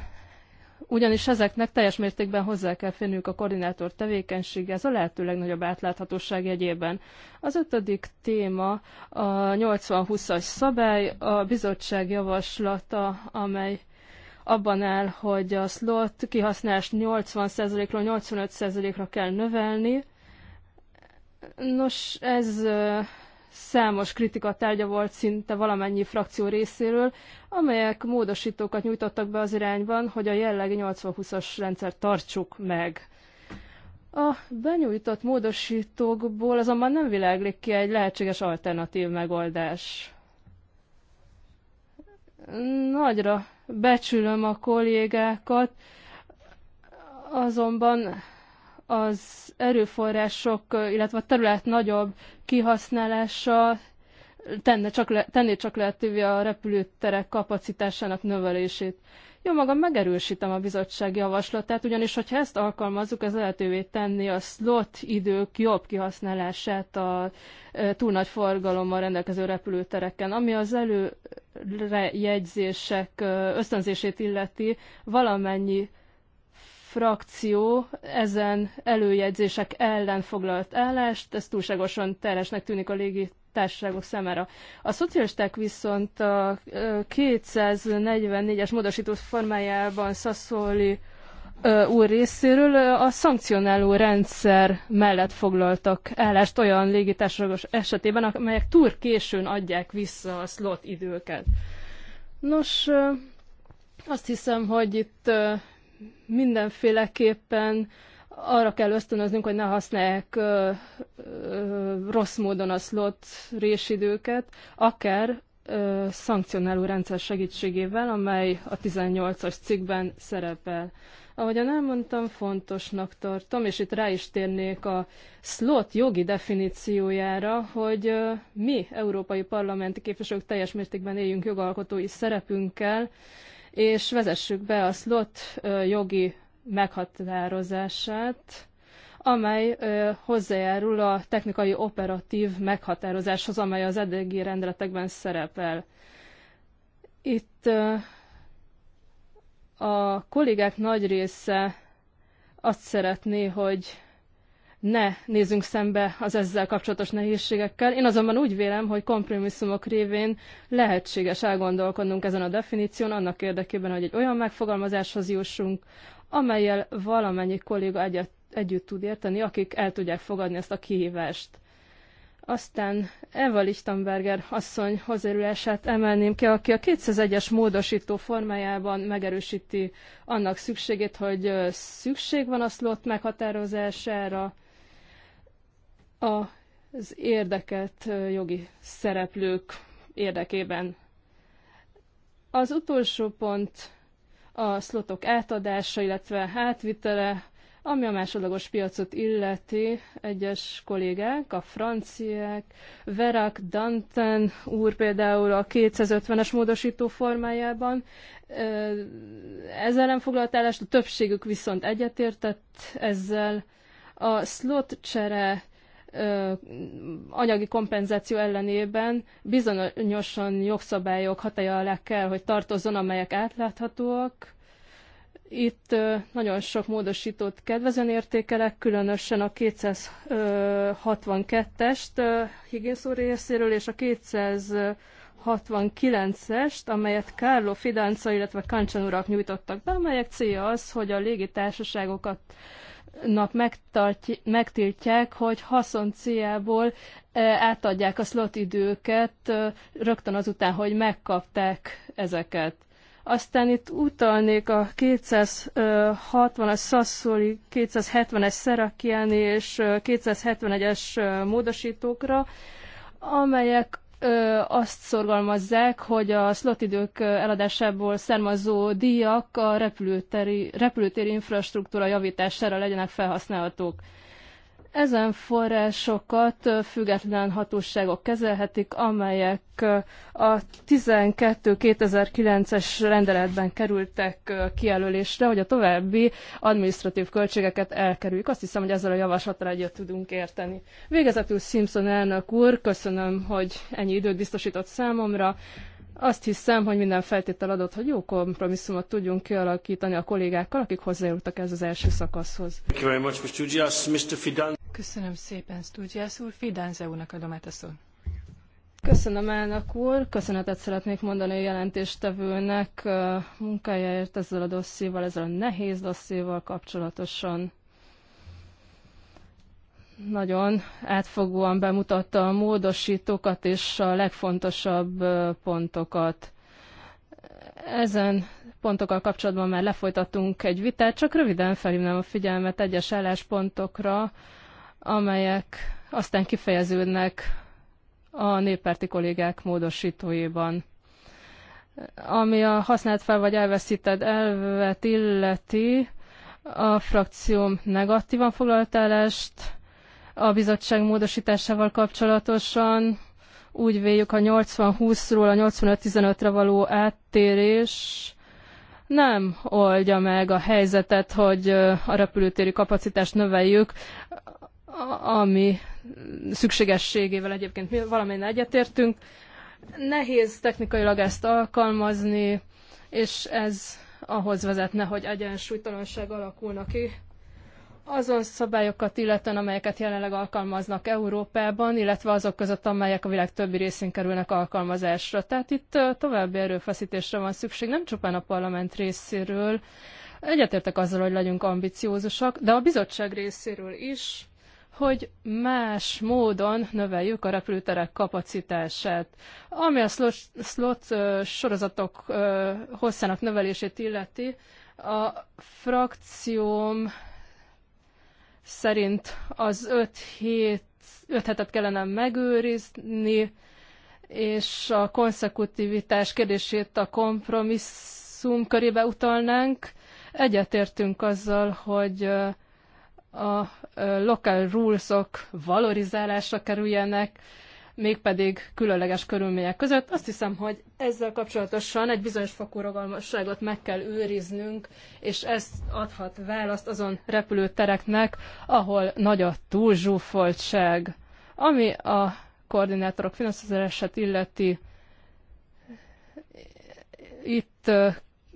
ugyanis ezeknek teljes mértékben hozzá kell férniük a koordinátor tevékenységhez a lehető legnagyobb átláthatóság jegyében. Az ötödik téma a 80-20-as szabály, a bizottság javaslata, amely abban áll, hogy a slot kihasználást 80%-ról 85%-ra kell növelni. Nos, ez számos kritika tárgya volt szinte valamennyi frakció részéről, amelyek módosítókat nyújtottak be az irányban, hogy a jellegi 80-20-as rendszer tartsuk meg. A benyújtott módosítókból azonban nem világlik ki egy lehetséges alternatív megoldás. Nagyra becsülöm a kollégákat, azonban az erőforrások, illetve a terület nagyobb kihasználása tenne csak le, tenné csak lehetővé a repülőterek kapacitásának növelését. Jó, magam megerősítem a bizottság javaslatát, ugyanis hogyha ezt alkalmazzuk, ez lehetővé tenni a slot idők jobb kihasználását a e, túl nagy forgalommal rendelkező repülőtereken, ami az előrejegyzések e, ösztönzését illeti valamennyi frakció ezen előjegyzések ellen foglalt állást, ez túlságosan teljesnek tűnik a légi társaságok számára. A szocialisták viszont a 244-es módosító formájában Szaszóli úr részéről a szankcionáló rendszer mellett foglaltak állást olyan légitársaságos esetében, amelyek túl későn adják vissza a slot időket. Nos, azt hiszem, hogy itt mindenféleképpen arra kell ösztönöznünk, hogy ne használják ö, ö, rossz módon a slot résidőket, akár ö, szankcionáló rendszer segítségével, amely a 18-as cikkben szerepel. Ahogyan elmondtam, fontosnak tartom, és itt rá is térnék a slot jogi definíciójára, hogy ö, mi, európai parlamenti képviselők teljes mértékben éljünk jogalkotói szerepünkkel, és vezessük be a slot jogi meghatározását, amely hozzájárul a technikai operatív meghatározáshoz, amely az eddigi rendeletekben szerepel. Itt a kollégák nagy része azt szeretné, hogy ne nézzünk szembe az ezzel kapcsolatos nehézségekkel. Én azonban úgy vélem, hogy kompromisszumok révén lehetséges elgondolkodnunk ezen a definíción, annak érdekében, hogy egy olyan megfogalmazáshoz jussunk, amelyel valamennyi kolléga egyet, együtt tud érteni, akik el tudják fogadni ezt a kihívást. Aztán Eva Lichtenberger asszony hozzájárulását emelném ki, aki a 201-es módosító formájában megerősíti annak szükségét, hogy szükség van a szlott meghatározására, az érdekelt jogi szereplők érdekében. Az utolsó pont a szlotok átadása, illetve hátvitele, ami a másodlagos piacot illeti, egyes kollégák, a franciák, Verak Danten úr például a 250-es módosító formájában, ezzel nem foglalt állást, a többségük viszont egyetértett ezzel. A slot csere anyagi kompenzáció ellenében bizonyosan jogszabályok hatája alá kell, hogy tartozzon, amelyek átláthatóak. Itt nagyon sok módosítót kedvezően értékelek, különösen a 262-est Higgins úr részéről, és a 269-est, amelyet Kárló Fidánca, illetve Kancsan urak nyújtottak be, amelyek célja az, hogy a légitársaságokat nak megtiltják, hogy haszon céljából e, átadják a slot időket e, rögtön azután, hogy megkapták ezeket. Aztán itt utalnék a 260-as Sassoli, 270-es Szerakiani és 271-es e, módosítókra, amelyek azt szorgalmazzák, hogy a szlotidők eladásából származó díjak a repülőtéri infrastruktúra javítására legyenek felhasználhatók. Ezen forrásokat független hatóságok kezelhetik, amelyek a 12-2009-es rendeletben kerültek kijelölésre, hogy a további administratív költségeket elkerüljük. Azt hiszem, hogy ezzel a javaslatra egyet tudunk érteni. Végezetül Simpson elnök úr, köszönöm, hogy ennyi időt biztosított számomra. Azt hiszem, hogy minden feltétel adott, hogy jó kompromisszumot tudjunk kialakítani a kollégákkal, akik hozzájárultak ez az első szakaszhoz. Köszönöm szépen, Studias úr. Fidanze úrnak adom át a szót. Köszönöm elnök úr, köszönetet szeretnék mondani a jelentéstevőnek uh, munkájáért ezzel a dossziéval, ezzel a nehéz dossziéval kapcsolatosan nagyon átfogóan bemutatta a módosítókat és a legfontosabb pontokat. Ezen pontokkal kapcsolatban már lefolytatunk egy vitát, csak röviden felhívnám a figyelmet egyes álláspontokra, amelyek aztán kifejeződnek a néppárti kollégák módosítóiban. Ami a használt fel vagy elveszíted elvet illeti, a frakcióm negatívan foglalt állást, a bizottság módosításával kapcsolatosan. Úgy véljük a 80-20-ról a 85-15-re való áttérés nem oldja meg a helyzetet, hogy a repülőtéri kapacitást növeljük, ami szükségességével egyébként mi valamennyire egyetértünk. Nehéz technikailag ezt alkalmazni, és ez ahhoz vezetne, hogy egyensúlytalanság alakulna ki azon szabályokat illetően, amelyeket jelenleg alkalmaznak Európában, illetve azok között, amelyek a világ többi részén kerülnek alkalmazásra. Tehát itt további erőfeszítésre van szükség, nem csupán a parlament részéről. Egyetértek azzal, hogy legyünk ambiciózusak, de a bizottság részéről is, hogy más módon növeljük a repülőterek kapacitását. Ami a slot, slot sorozatok hosszának növelését illeti, a frakcióm szerint az öt hét, öt hetet kellene megőrizni, és a konszekutivitás kérdését a kompromisszum körébe utalnánk. Egyetértünk azzal, hogy a local rules-ok -ok valorizálásra kerüljenek, mégpedig különleges körülmények között. Azt hiszem, hogy ezzel kapcsolatosan egy bizonyos fokú rugalmasságot meg kell őriznünk, és ez adhat választ azon repülőtereknek, ahol nagy a túlzsúfoltság. Ami a koordinátorok finanszírozását illeti, itt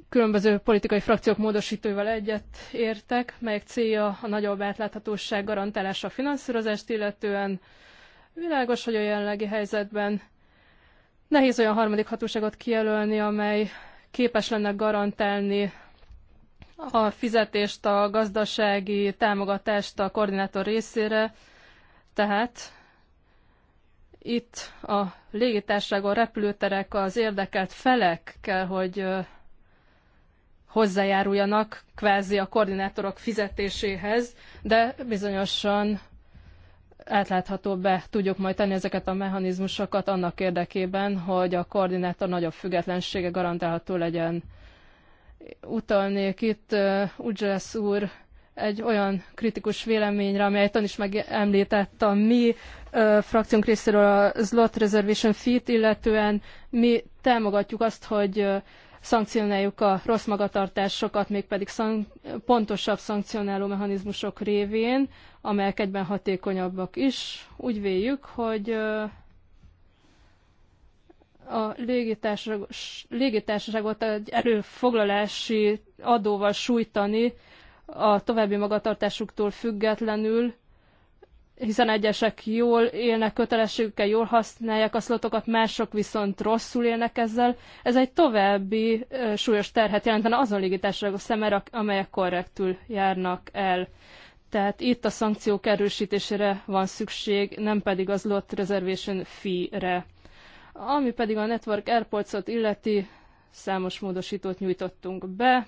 különböző politikai frakciók módosítóival egyet értek, melyek célja a nagyobb átláthatóság garantálása a finanszírozást illetően, Világos, hogy a jelenlegi helyzetben nehéz olyan harmadik hatóságot kijelölni, amely képes lenne garantálni a fizetést, a gazdasági támogatást a koordinátor részére, tehát itt a légitársaságon repülőterek, az érdekelt felek kell, hogy hozzájáruljanak kvázi a koordinátorok fizetéséhez, de bizonyosan átláthatóbbá tudjuk majd tenni ezeket a mechanizmusokat annak érdekében, hogy a koordinátor nagyobb függetlensége garantálható legyen. Utalnék itt Ugyász úr egy olyan kritikus véleményre, amelyet ön is megemlített a mi ö, frakciónk részéről a slot reservation fee illetően mi támogatjuk azt, hogy szankcionáljuk a rossz magatartásokat, mégpedig szank pontosabb szankcionáló mechanizmusok révén, amelyek egyben hatékonyabbak is. Úgy véljük, hogy a légitársaságot, légitársaságot egy erőfoglalási adóval sújtani a további magatartásuktól függetlenül hiszen egyesek jól élnek kötelességükkel, jól használják a szlotokat, mások viszont rosszul élnek ezzel. Ez egy további e, súlyos terhet jelentene azon a szemére, amelyek korrektül járnak el. Tehát itt a szankciók erősítésére van szükség, nem pedig az lot reservation fee-re. Ami pedig a Network Airports-ot illeti, számos módosítót nyújtottunk be.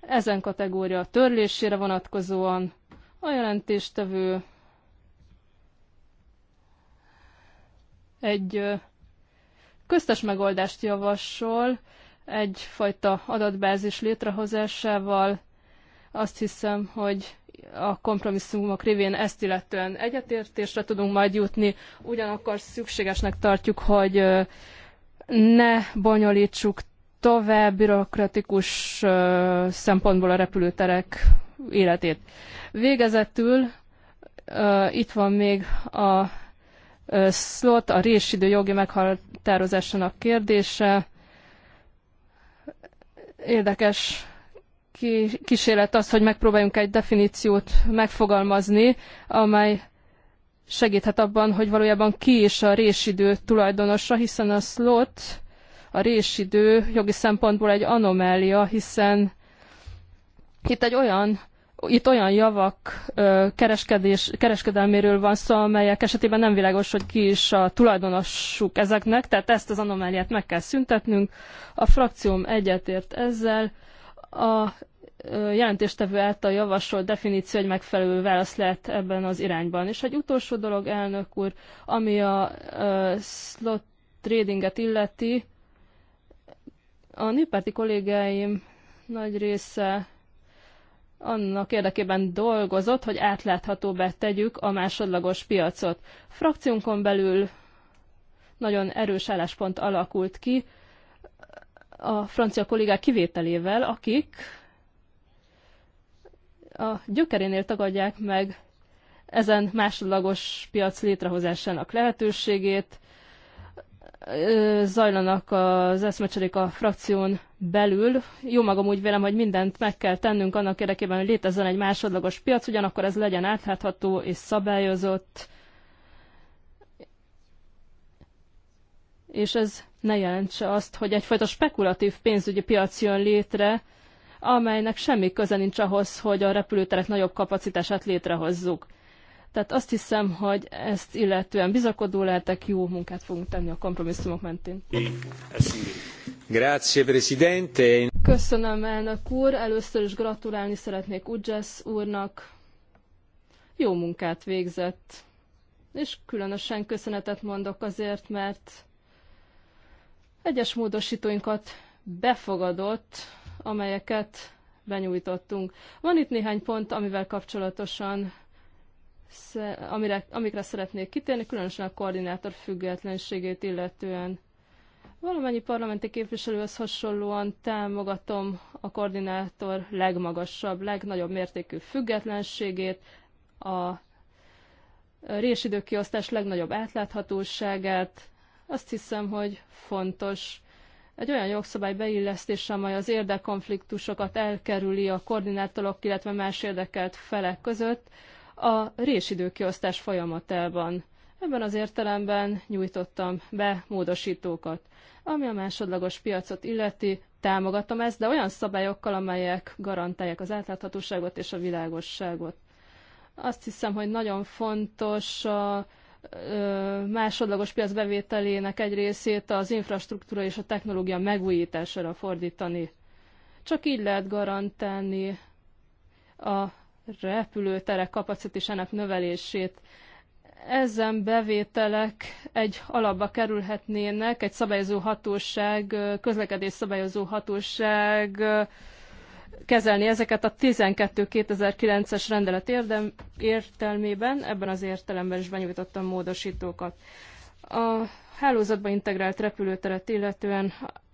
Ezen kategória törlésére vonatkozóan a jelentéstevő egy köztes megoldást javasol, egyfajta adatbázis létrehozásával. Azt hiszem, hogy a kompromisszumok révén ezt illetően egyetértésre tudunk majd jutni, ugyanakkor szükségesnek tartjuk, hogy ne bonyolítsuk tovább bürokratikus szempontból a repülőterek életét. Végezetül itt van még a Slot, a résidő jogi meghatározásának kérdése. Érdekes kísérlet az, hogy megpróbáljunk egy definíciót megfogalmazni, amely segíthet abban, hogy valójában ki is a résidő tulajdonosa, hiszen a slot, a résidő jogi szempontból egy anomália, hiszen itt egy olyan itt olyan javak kereskedés, kereskedelméről van szó, amelyek esetében nem világos, hogy ki is a tulajdonosuk ezeknek, tehát ezt az anomáliát meg kell szüntetnünk. A frakcióm egyetért ezzel. A jelentéstevő által javasolt definíció egy megfelelő válasz lehet ebben az irányban. És egy utolsó dolog, elnök úr, ami a slot tradinget illeti, a néppárti kollégáim nagy része annak érdekében dolgozott, hogy átláthatóbbá tegyük a másodlagos piacot. Frakciónkon belül nagyon erős álláspont alakult ki a francia kollégák kivételével, akik a gyökerénél tagadják meg ezen másodlagos piac létrehozásának lehetőségét, zajlanak az eszmecserék a frakción belül. Jó magam úgy vélem, hogy mindent meg kell tennünk annak érdekében, hogy létezzen egy másodlagos piac, ugyanakkor ez legyen átlátható és szabályozott, és ez ne jelentse azt, hogy egyfajta spekulatív pénzügyi piac jön létre, amelynek semmi köze nincs ahhoz, hogy a repülőterek nagyobb kapacitását létrehozzuk. Tehát azt hiszem, hogy ezt illetően bizakodó lehetek, jó munkát fogunk tenni a kompromisszumok mentén. Grazie, Presidente. Köszönöm, elnök úr. Először is gratulálni szeretnék Ugyesz úrnak. Jó munkát végzett. És különösen köszönetet mondok azért, mert egyes módosítóinkat befogadott, amelyeket benyújtottunk. Van itt néhány pont, amivel kapcsolatosan amire, amikre szeretnék kitérni, különösen a koordinátor függetlenségét illetően. Valamennyi parlamenti képviselőhöz hasonlóan támogatom a koordinátor legmagasabb, legnagyobb mértékű függetlenségét, a résidőkiosztás legnagyobb átláthatóságát. Azt hiszem, hogy fontos egy olyan jogszabály beillesztése, amely az érdekkonfliktusokat elkerüli a koordinátorok, illetve más érdekelt felek között, a résidőkiosztás folyamatában. Ebben az értelemben nyújtottam be módosítókat. Ami a másodlagos piacot illeti, támogatom ezt, de olyan szabályokkal, amelyek garantálják az átláthatóságot és a világosságot. Azt hiszem, hogy nagyon fontos a másodlagos piac bevételének egy részét az infrastruktúra és a technológia megújítására fordítani. Csak így lehet garantálni a repülőterek kapacitásának növelését. Ezen bevételek egy alapba kerülhetnének, egy szabályozó hatóság, közlekedés szabályozó hatóság kezelni ezeket a 12-2009-es rendelet érdem, értelmében, ebben az értelemben is benyújtottam módosítókat. A hálózatba integrált repülőteret illetően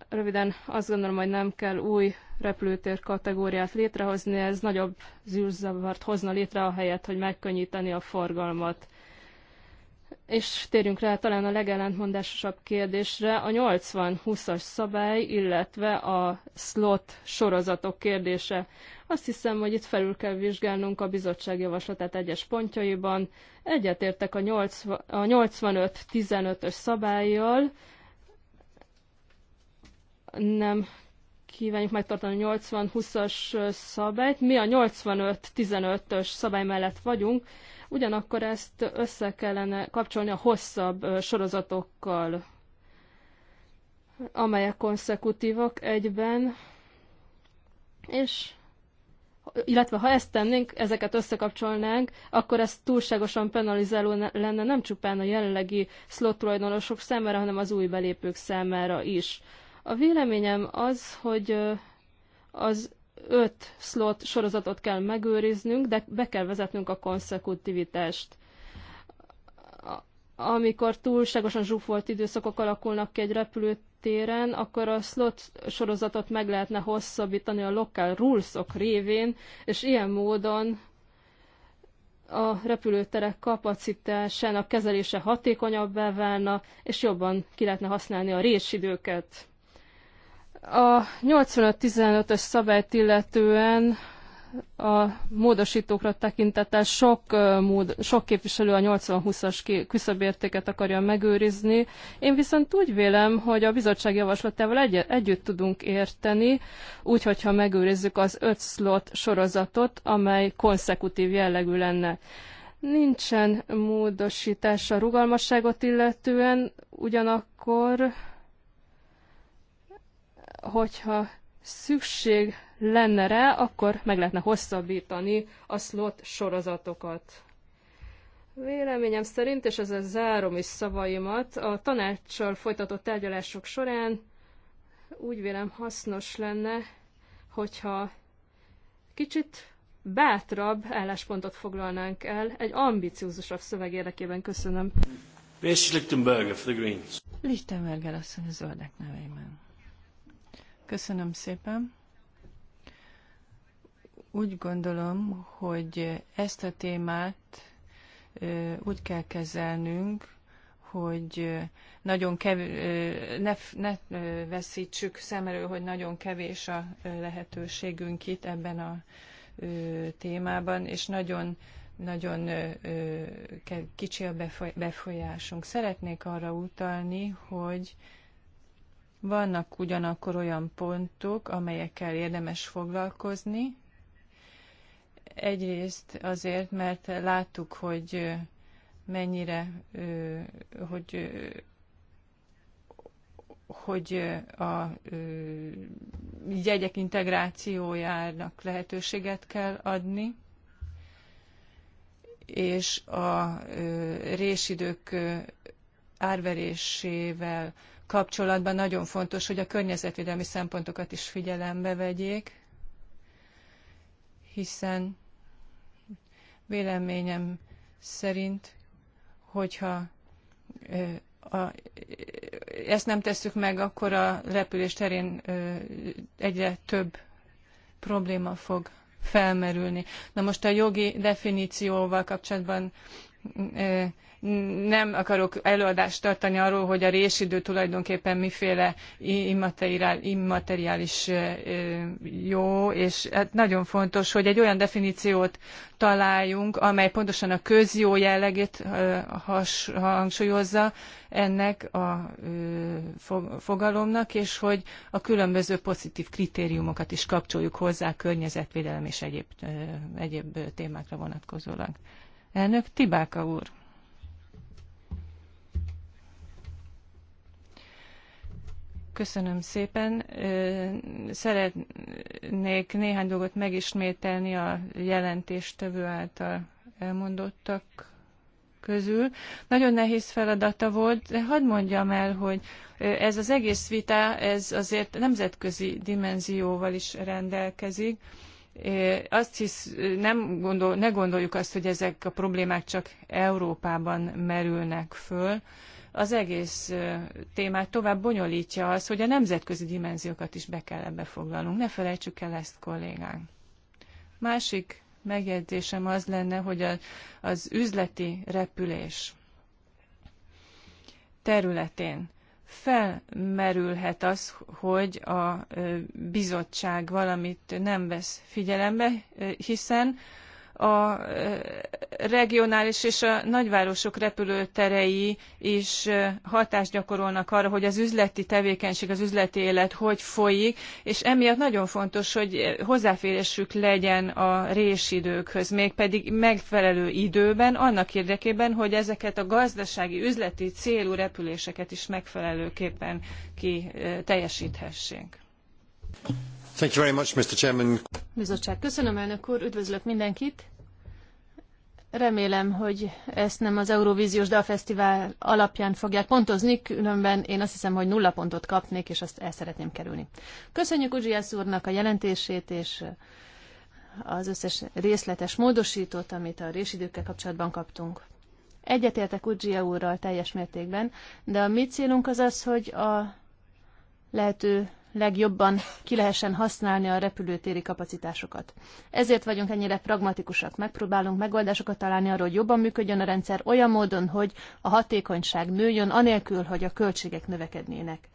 röviden azt gondolom, hogy nem kell új repülőtér kategóriát létrehozni, ez nagyobb zűrzavart hozna létre a helyet, hogy megkönnyíteni a forgalmat. És térjünk rá talán a legellentmondásosabb kérdésre, a 80-20-as szabály, illetve a slot sorozatok kérdése. Azt hiszem, hogy itt felül kell vizsgálnunk a bizottság javaslatát egyes pontjaiban. Egyetértek a, a 85-15-ös szabályjal, nem kívánjuk megtartani a 80-20-as szabályt. Mi a 85-15-ös szabály mellett vagyunk, ugyanakkor ezt össze kellene kapcsolni a hosszabb sorozatokkal, amelyek konszekutívak egyben, és illetve ha ezt tennénk, ezeket összekapcsolnánk, akkor ez túlságosan penalizáló lenne nem csupán a jelenlegi slot tulajdonosok számára, hanem az új belépők számára is. A véleményem az, hogy az öt slot sorozatot kell megőriznünk, de be kell vezetnünk a konszekutivitást. Amikor túlságosan zsúfolt időszakok alakulnak ki egy repülőtéren, akkor a slot sorozatot meg lehetne hosszabbítani a lokál rulesok -ok révén, és ilyen módon a repülőterek kapacitásának kezelése hatékonyabbá válna, és jobban ki lehetne használni a résidőket. A 85-15-ös szabályt illetően a módosítókra tekintettel sok, mód, sok képviselő a 80-20-as küszöbértéket akarja megőrizni. Én viszont úgy vélem, hogy a bizottság javaslatával egy, együtt tudunk érteni, úgy, hogyha megőrizzük az 5 slot sorozatot, amely konszekutív jellegű lenne. Nincsen módosítás a rugalmasságot illetően, ugyanakkor hogyha szükség lenne rá, akkor meg lehetne hosszabbítani a slot sorozatokat. Véleményem szerint, és ezzel zárom is szavaimat, a tanácssal folytatott tárgyalások során úgy vélem hasznos lenne, hogyha kicsit bátrabb álláspontot foglalnánk el egy ambiciózusabb szöveg érdekében. Köszönöm. Lichtenberger, asszony a zöldek nevében. Köszönöm szépen. Úgy gondolom, hogy ezt a témát úgy kell kezelnünk, hogy nagyon kevés, ne, ne veszítsük szem hogy nagyon kevés a lehetőségünk itt ebben a témában, és nagyon nagyon kicsi a befolyásunk. Szeretnék arra utalni, hogy vannak ugyanakkor olyan pontok, amelyekkel érdemes foglalkozni. Egyrészt azért, mert láttuk, hogy mennyire, hogy, hogy a jegyek integrációjának lehetőséget kell adni, és a résidők árverésével kapcsolatban nagyon fontos, hogy a környezetvédelmi szempontokat is figyelembe vegyék, hiszen véleményem szerint, hogyha a, ezt nem tesszük meg, akkor a repülés terén egyre több probléma fog felmerülni. Na most a jogi definícióval kapcsolatban nem akarok előadást tartani arról, hogy a résidő tulajdonképpen miféle immateriális jó, és hát nagyon fontos, hogy egy olyan definíciót találjunk, amely pontosan a közjó jellegét hangsúlyozza ennek a fogalomnak, és hogy a különböző pozitív kritériumokat is kapcsoljuk hozzá környezetvédelem és egyéb, egyéb témákra vonatkozólag. Elnök Tibáka úr. Köszönöm szépen. Szeretnék néhány dolgot megismételni a jelentéstevő által elmondottak közül. Nagyon nehéz feladata volt, de hadd mondjam el, hogy ez az egész vita, ez azért nemzetközi dimenzióval is rendelkezik azt hisz, nem gondol, ne gondoljuk azt, hogy ezek a problémák csak Európában merülnek föl. Az egész témát tovább bonyolítja az, hogy a nemzetközi dimenziókat is be kell ebbe foglalnunk. Ne felejtsük el ezt, kollégánk. Másik megjegyzésem az lenne, hogy a, az üzleti repülés területén felmerülhet az, hogy a bizottság valamit nem vesz figyelembe, hiszen a e, regionális és a nagyvárosok repülőterei is e, hatást gyakorolnak arra, hogy az üzleti tevékenység, az üzleti élet hogy folyik, és emiatt nagyon fontos, hogy hozzáférésük legyen a résidőkhöz, mégpedig megfelelő időben, annak érdekében, hogy ezeket a gazdasági, üzleti célú repüléseket is megfelelőképpen ki e, teljesíthessék. Thank you very much, Mr. Chairman. Bizottság, köszönöm elnök úr, üdvözlök mindenkit. Remélem, hogy ezt nem az Eurovíziós Dalfesztivál alapján fogják pontozni, különben én azt hiszem, hogy nulla pontot kapnék, és azt el szeretném kerülni. Köszönjük Uzsiász úrnak a jelentését, és az összes részletes módosítót, amit a résidőkkel kapcsolatban kaptunk. Egyetértek Udzsia úrral teljes mértékben, de a mi célunk az az, hogy a lehető legjobban ki lehessen használni a repülőtéri kapacitásokat. Ezért vagyunk ennyire pragmatikusak. Megpróbálunk megoldásokat találni arra, hogy jobban működjön a rendszer olyan módon, hogy a hatékonyság nőjön, anélkül, hogy a költségek növekednének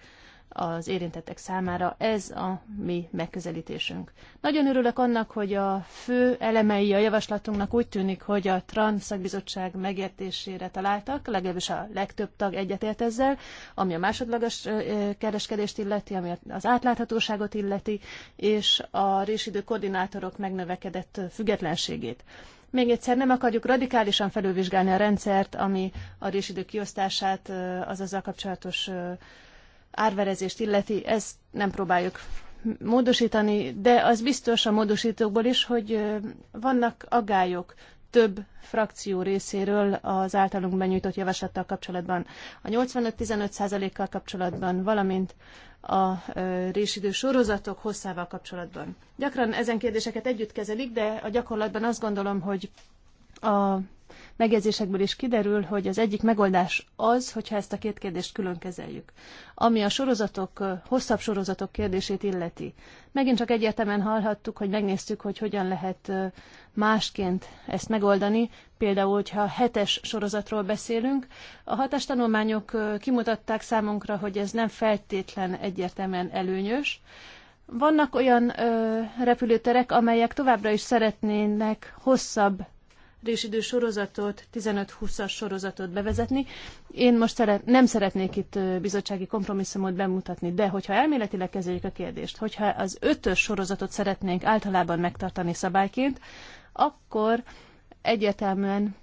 az érintettek számára. Ez a mi megközelítésünk. Nagyon örülök annak, hogy a fő elemei a javaslatunknak úgy tűnik, hogy a trans szakbizottság megértésére találtak, legalábbis a legtöbb tag egyetért ezzel, ami a másodlagos kereskedést illeti, ami az átláthatóságot illeti, és a résidő koordinátorok megnövekedett függetlenségét. Még egyszer nem akarjuk radikálisan felülvizsgálni a rendszert, ami a résidő kiosztását, azaz a kapcsolatos árverezést illeti, ezt nem próbáljuk módosítani, de az biztos a módosítókból is, hogy vannak agályok több frakció részéről az általunk benyújtott javaslattal kapcsolatban, a 85-15%-kal kapcsolatban, valamint a résidő sorozatok hosszával kapcsolatban. Gyakran ezen kérdéseket együtt kezelik, de a gyakorlatban azt gondolom, hogy a megjegyzésekből is kiderül, hogy az egyik megoldás az, hogyha ezt a két kérdést külön kezeljük. Ami a sorozatok, hosszabb sorozatok kérdését illeti. Megint csak egyértelműen hallhattuk, hogy megnéztük, hogy hogyan lehet másként ezt megoldani. Például, hogyha hetes sorozatról beszélünk, a hatástanulmányok kimutatták számunkra, hogy ez nem feltétlen egyértelműen előnyös, vannak olyan ö, repülőterek, amelyek továbbra is szeretnének hosszabb résidő sorozatot, 15-20-as sorozatot bevezetni. Én most szeret, nem szeretnék itt bizottsági kompromisszumot bemutatni, de hogyha elméletileg kezeljük a kérdést, hogyha az ötös sorozatot szeretnénk általában megtartani szabályként, akkor egyetemen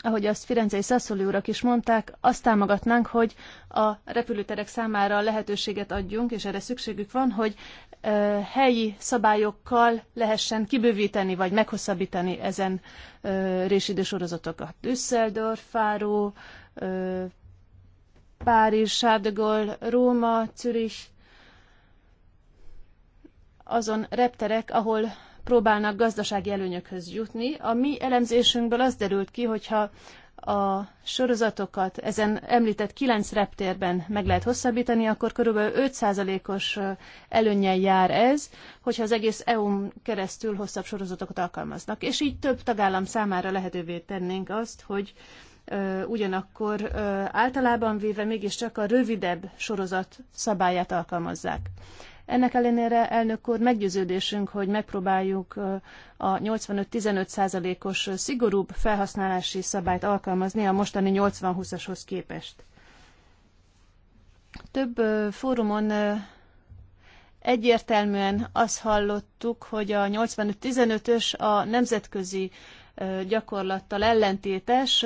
ahogy azt Firenzei Szaszoli urak is mondták, azt támogatnánk, hogy a repülőterek számára lehetőséget adjunk, és erre szükségük van, hogy helyi szabályokkal lehessen kibővíteni vagy meghosszabbítani ezen résidősorozatokat. Düsseldorf, Fáró, Párizs, Sárdegol, Róma, Zürich, azon repterek, ahol próbálnak gazdasági előnyökhöz jutni. A mi elemzésünkből az derült ki, hogyha a sorozatokat ezen említett kilenc reptérben meg lehet hosszabbítani, akkor körülbelül 5%-os előnyel jár ez, hogyha az egész EU-n keresztül hosszabb sorozatokat alkalmaznak. És így több tagállam számára lehetővé tennénk azt, hogy ugyanakkor általában véve mégiscsak a rövidebb sorozat szabályát alkalmazzák. Ennek ellenére, elnök úr, meggyőződésünk, hogy megpróbáljuk a 85-15%-os szigorúbb felhasználási szabályt alkalmazni a mostani 80-20-ashoz képest. Több fórumon egyértelműen azt hallottuk, hogy a 85-15-ös a nemzetközi gyakorlattal ellentétes,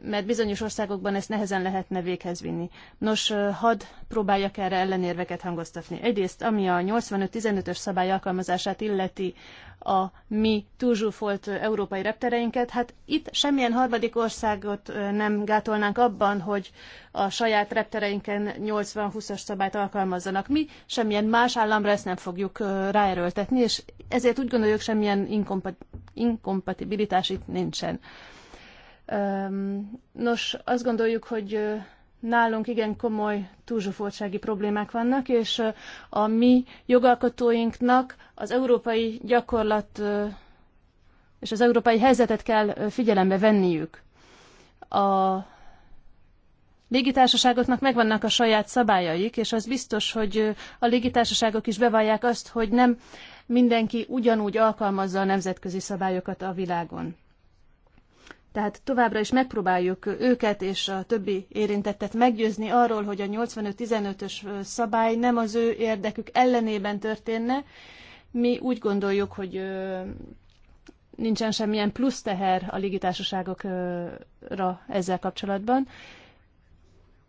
mert bizonyos országokban ezt nehezen lehetne véghez vinni. Nos, hadd próbáljak erre ellenérveket hangoztatni. Egyrészt, ami a 85-15-ös szabály alkalmazását illeti a mi túlzsúfolt európai reptereinket, hát itt semmilyen harmadik országot nem gátolnánk abban, hogy a saját reptereinken 80-20-as szabályt alkalmazzanak. Mi semmilyen más államra ezt nem fogjuk ráerőltetni, és ezért úgy gondoljuk, semmilyen inkompatibilitás itt nincsen. Nos, azt gondoljuk, hogy nálunk igen komoly túlzsúfoltsági problémák vannak, és a mi jogalkotóinknak az európai gyakorlat és az európai helyzetet kell figyelembe venniük. A légitársaságoknak megvannak a saját szabályaik, és az biztos, hogy a légitársaságok is bevallják azt, hogy nem mindenki ugyanúgy alkalmazza a nemzetközi szabályokat a világon. Tehát továbbra is megpróbáljuk őket és a többi érintettet meggyőzni arról, hogy a 85-15-ös szabály nem az ő érdekük ellenében történne. Mi úgy gondoljuk, hogy nincsen semmilyen plusz teher a légitársaságokra ezzel kapcsolatban.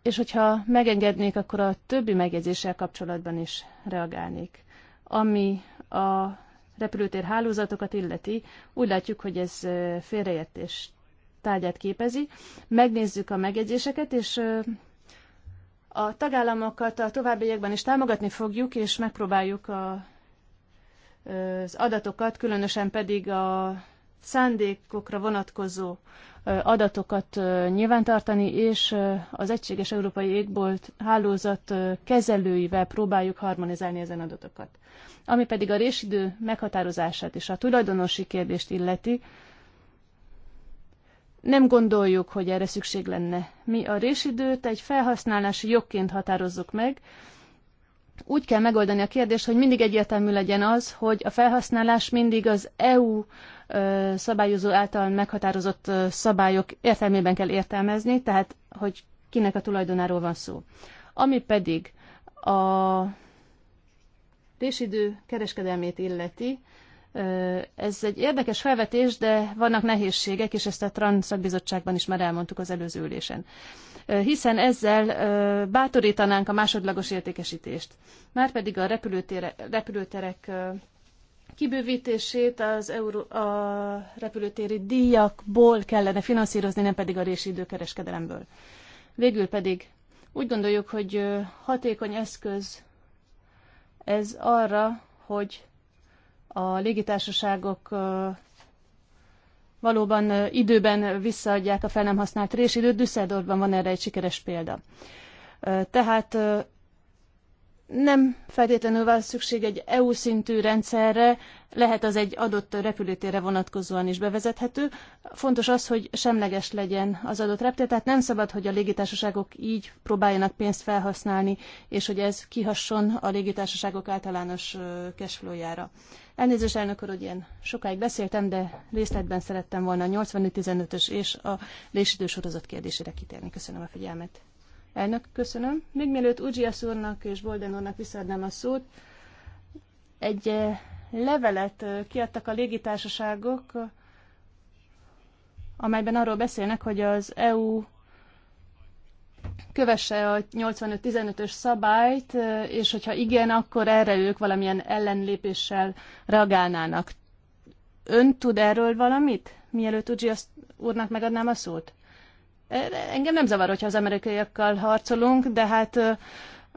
És hogyha megengednék, akkor a többi megjegyzéssel kapcsolatban is reagálnék. Ami a repülőtér hálózatokat illeti, úgy látjuk, hogy ez félreértést tárgyát képezi. Megnézzük a megjegyzéseket, és a tagállamokat a továbbiakban is támogatni fogjuk, és megpróbáljuk a, az adatokat, különösen pedig a szándékokra vonatkozó adatokat nyilvántartani, és az Egységes Európai Égbolt hálózat kezelőivel próbáljuk harmonizálni ezen adatokat. Ami pedig a résidő meghatározását és a tulajdonosi kérdést illeti, nem gondoljuk, hogy erre szükség lenne. Mi a résidőt egy felhasználási jogként határozzuk meg. Úgy kell megoldani a kérdést, hogy mindig egyértelmű legyen az, hogy a felhasználás mindig az EU szabályozó által meghatározott szabályok értelmében kell értelmezni, tehát hogy kinek a tulajdonáról van szó. Ami pedig a résidő kereskedelmét illeti, ez egy érdekes felvetés, de vannak nehézségek, és ezt a Transzakbizottságban is már elmondtuk az előző ülésen. Hiszen ezzel bátorítanánk a másodlagos értékesítést. Márpedig a repülőterek kibővítését az euró, a repülőtéri díjakból kellene finanszírozni, nem pedig a rési időkereskedelemből. Végül pedig úgy gondoljuk, hogy hatékony eszköz ez arra, hogy a légitársaságok valóban időben visszaadják a fel nem használt résidőt. Düsseldorfban van erre egy sikeres példa. Tehát nem feltétlenül van szükség egy EU szintű rendszerre, lehet az egy adott repülőtérre vonatkozóan is bevezethető. Fontos az, hogy semleges legyen az adott reptér, tehát nem szabad, hogy a légitársaságok így próbáljanak pénzt felhasználni, és hogy ez kihasson a légitársaságok általános cashflow-jára. Elnézést, elnök úr, hogy ilyen sokáig beszéltem, de részletben szerettem volna a 85-15-ös és a lésidősorozat kérdésére kitérni. Köszönöm a figyelmet. Elnök, köszönöm. Még mielőtt Ugyias úrnak és Bolden úrnak visszaadnám a szót, egy eh, levelet eh, kiadtak a légitársaságok, eh, amelyben arról beszélnek, hogy az EU kövesse a 85-15-ös szabályt, és hogyha igen, akkor erre ők valamilyen ellenlépéssel reagálnának. Ön tud erről valamit, mielőtt Ugyias úrnak megadnám a szót? Engem nem zavar, hogyha az amerikaiakkal harcolunk, de hát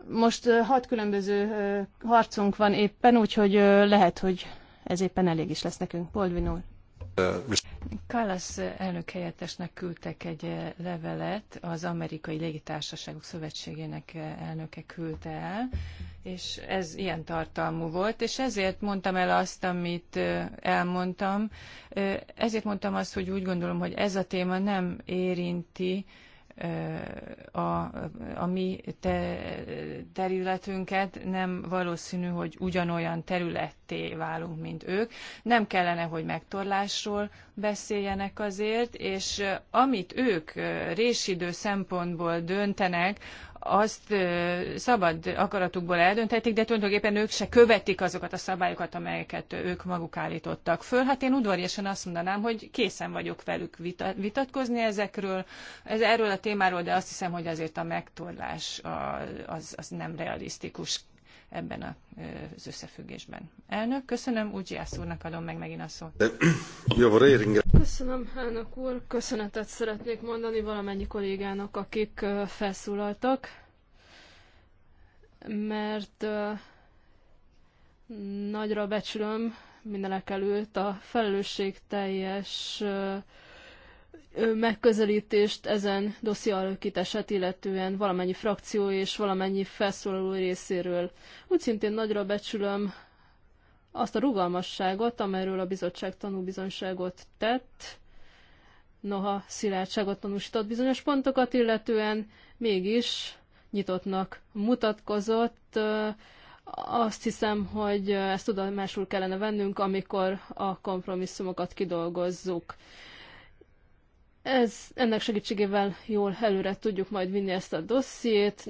most hat különböző harcunk van éppen, úgyhogy lehet, hogy ez éppen elég is lesz nekünk. Boldvin úr. Kallas elnök helyettesnek küldtek egy eh, levelet, az Amerikai Légitársaságok Szövetségének eh, elnöke küldte el, és ez ilyen tartalmú volt, és ezért mondtam el azt, amit eh, elmondtam, ezért mondtam azt, hogy úgy gondolom, hogy ez a téma nem érinti a, a mi te, területünket, nem valószínű, hogy ugyanolyan területté válunk, mint ők. Nem kellene, hogy megtorlásról beszéljenek azért, és amit ők résidő szempontból döntenek, azt szabad akaratukból eldönthetik, de tulajdonképpen ők se követik azokat a szabályokat, amelyeket ők maguk állítottak föl. Hát én udvariasan azt mondanám, hogy készen vagyok velük vitatkozni ezekről, ez, erről a témáról, de azt hiszem, hogy azért a megtorlás az, az nem realisztikus ebben az összefüggésben. Elnök, köszönöm, úgy úrnak adom meg megint a szót. Köszönöm, elnök úr. Köszönetet szeretnék mondani valamennyi kollégának, akik felszólaltak, mert nagyra becsülöm mindenek előtt a felelősségteljes teljes megközelítést ezen dosszi alakítását illetően valamennyi frakció és valamennyi felszólaló részéről. Úgy szintén nagyra becsülöm azt a rugalmasságot, amelyről a bizottság tanúbizonyságot tett, noha szilárdságot tanúsított bizonyos pontokat, illetően mégis nyitottnak mutatkozott. Azt hiszem, hogy ezt tudomásul kellene vennünk, amikor a kompromisszumokat kidolgozzuk. Ez, ennek segítségével jól előre tudjuk majd vinni ezt a dossziét.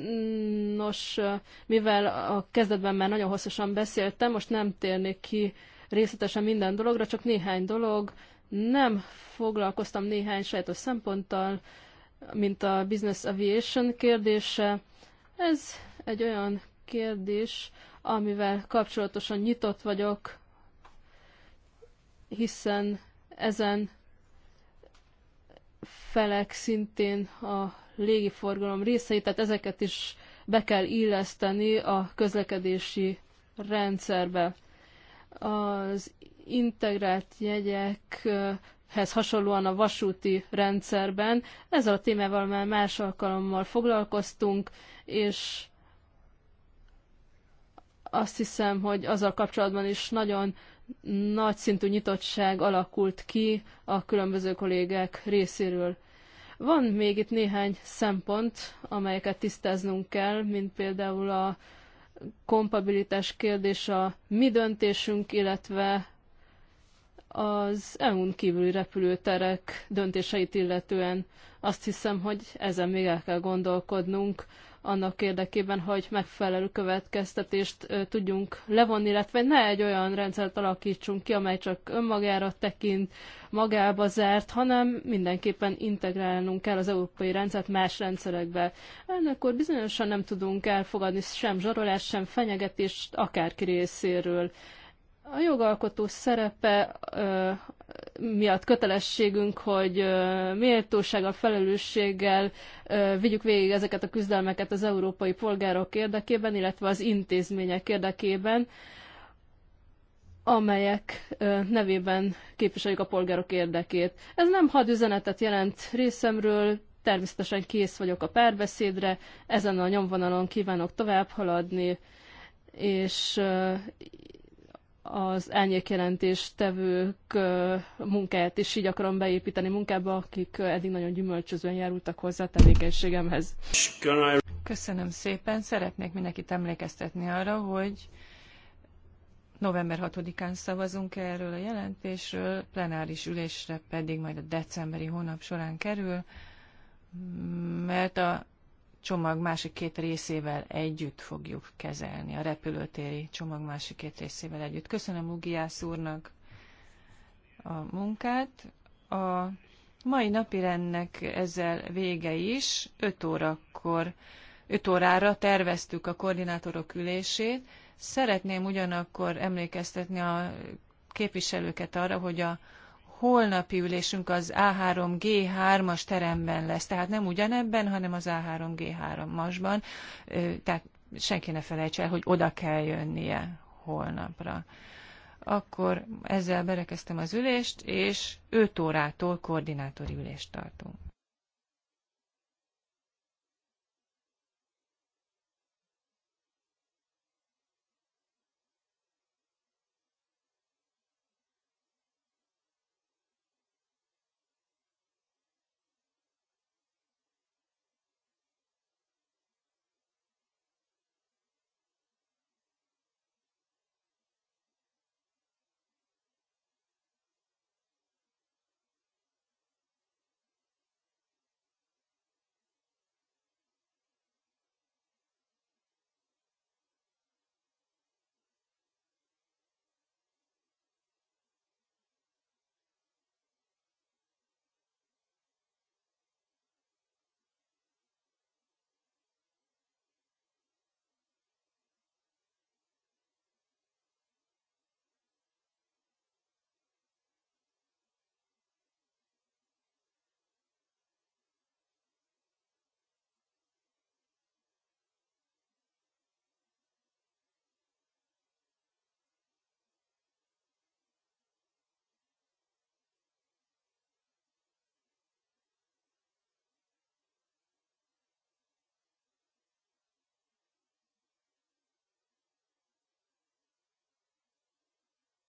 Nos, mivel a kezdetben már nagyon hosszasan beszéltem, most nem térnék ki részletesen minden dologra, csak néhány dolog. Nem foglalkoztam néhány sajátos szemponttal, mint a business aviation kérdése. Ez egy olyan kérdés, amivel kapcsolatosan nyitott vagyok, hiszen ezen felek szintén a légiforgalom részei, tehát ezeket is be kell illeszteni a közlekedési rendszerbe. Az integrált jegyekhez hasonlóan a vasúti rendszerben ezzel a témával már más alkalommal foglalkoztunk, és azt hiszem, hogy azzal kapcsolatban is nagyon nagy szintű nyitottság alakult ki a különböző kollégák részéről. Van még itt néhány szempont, amelyeket tisztáznunk kell, mint például a kompabilitás kérdés a mi döntésünk, illetve az EU-n kívüli repülőterek döntéseit illetően azt hiszem, hogy ezen még el kell gondolkodnunk annak érdekében, hogy megfelelő következtetést tudjunk levonni, illetve ne egy olyan rendszert alakítsunk ki, amely csak önmagára tekint, magába zárt, hanem mindenképpen integrálnunk kell az európai rendszert más rendszerekbe. Ennek bizonyosan nem tudunk elfogadni sem zsarolást, sem fenyegetést akárki részéről. A jogalkotó szerepe ö, miatt kötelességünk, hogy méltósággal, felelősséggel ö, vigyük végig ezeket a küzdelmeket az európai polgárok érdekében, illetve az intézmények érdekében, amelyek ö, nevében képviseljük a polgárok érdekét. Ez nem hadüzenetet jelent részemről, természetesen kész vagyok a párbeszédre, ezen a nyomvonalon kívánok tovább haladni, és az elnyékjelentés tevők munkáját is így akarom beépíteni munkába, akik eddig nagyon gyümölcsözően járultak hozzá a tevékenységemhez. Köszönöm szépen. Szeretnék mindenkit emlékeztetni arra, hogy november 6-án szavazunk erről a jelentésről, plenáris ülésre pedig majd a decemberi hónap során kerül, mert a csomag másik két részével együtt fogjuk kezelni, a repülőtéri csomag másik két részével együtt. Köszönöm Ugiász úrnak a munkát. A mai rendnek ezzel vége is, 5 órakor, 5 órára terveztük a koordinátorok ülését. Szeretném ugyanakkor emlékeztetni a képviselőket arra, hogy a holnapi ülésünk az A3G3-as teremben lesz, tehát nem ugyanebben, hanem az A3G3-asban, tehát senki ne felejtse el, hogy oda kell jönnie holnapra. Akkor ezzel berekeztem az ülést, és 5 órától koordinátori ülést tartunk.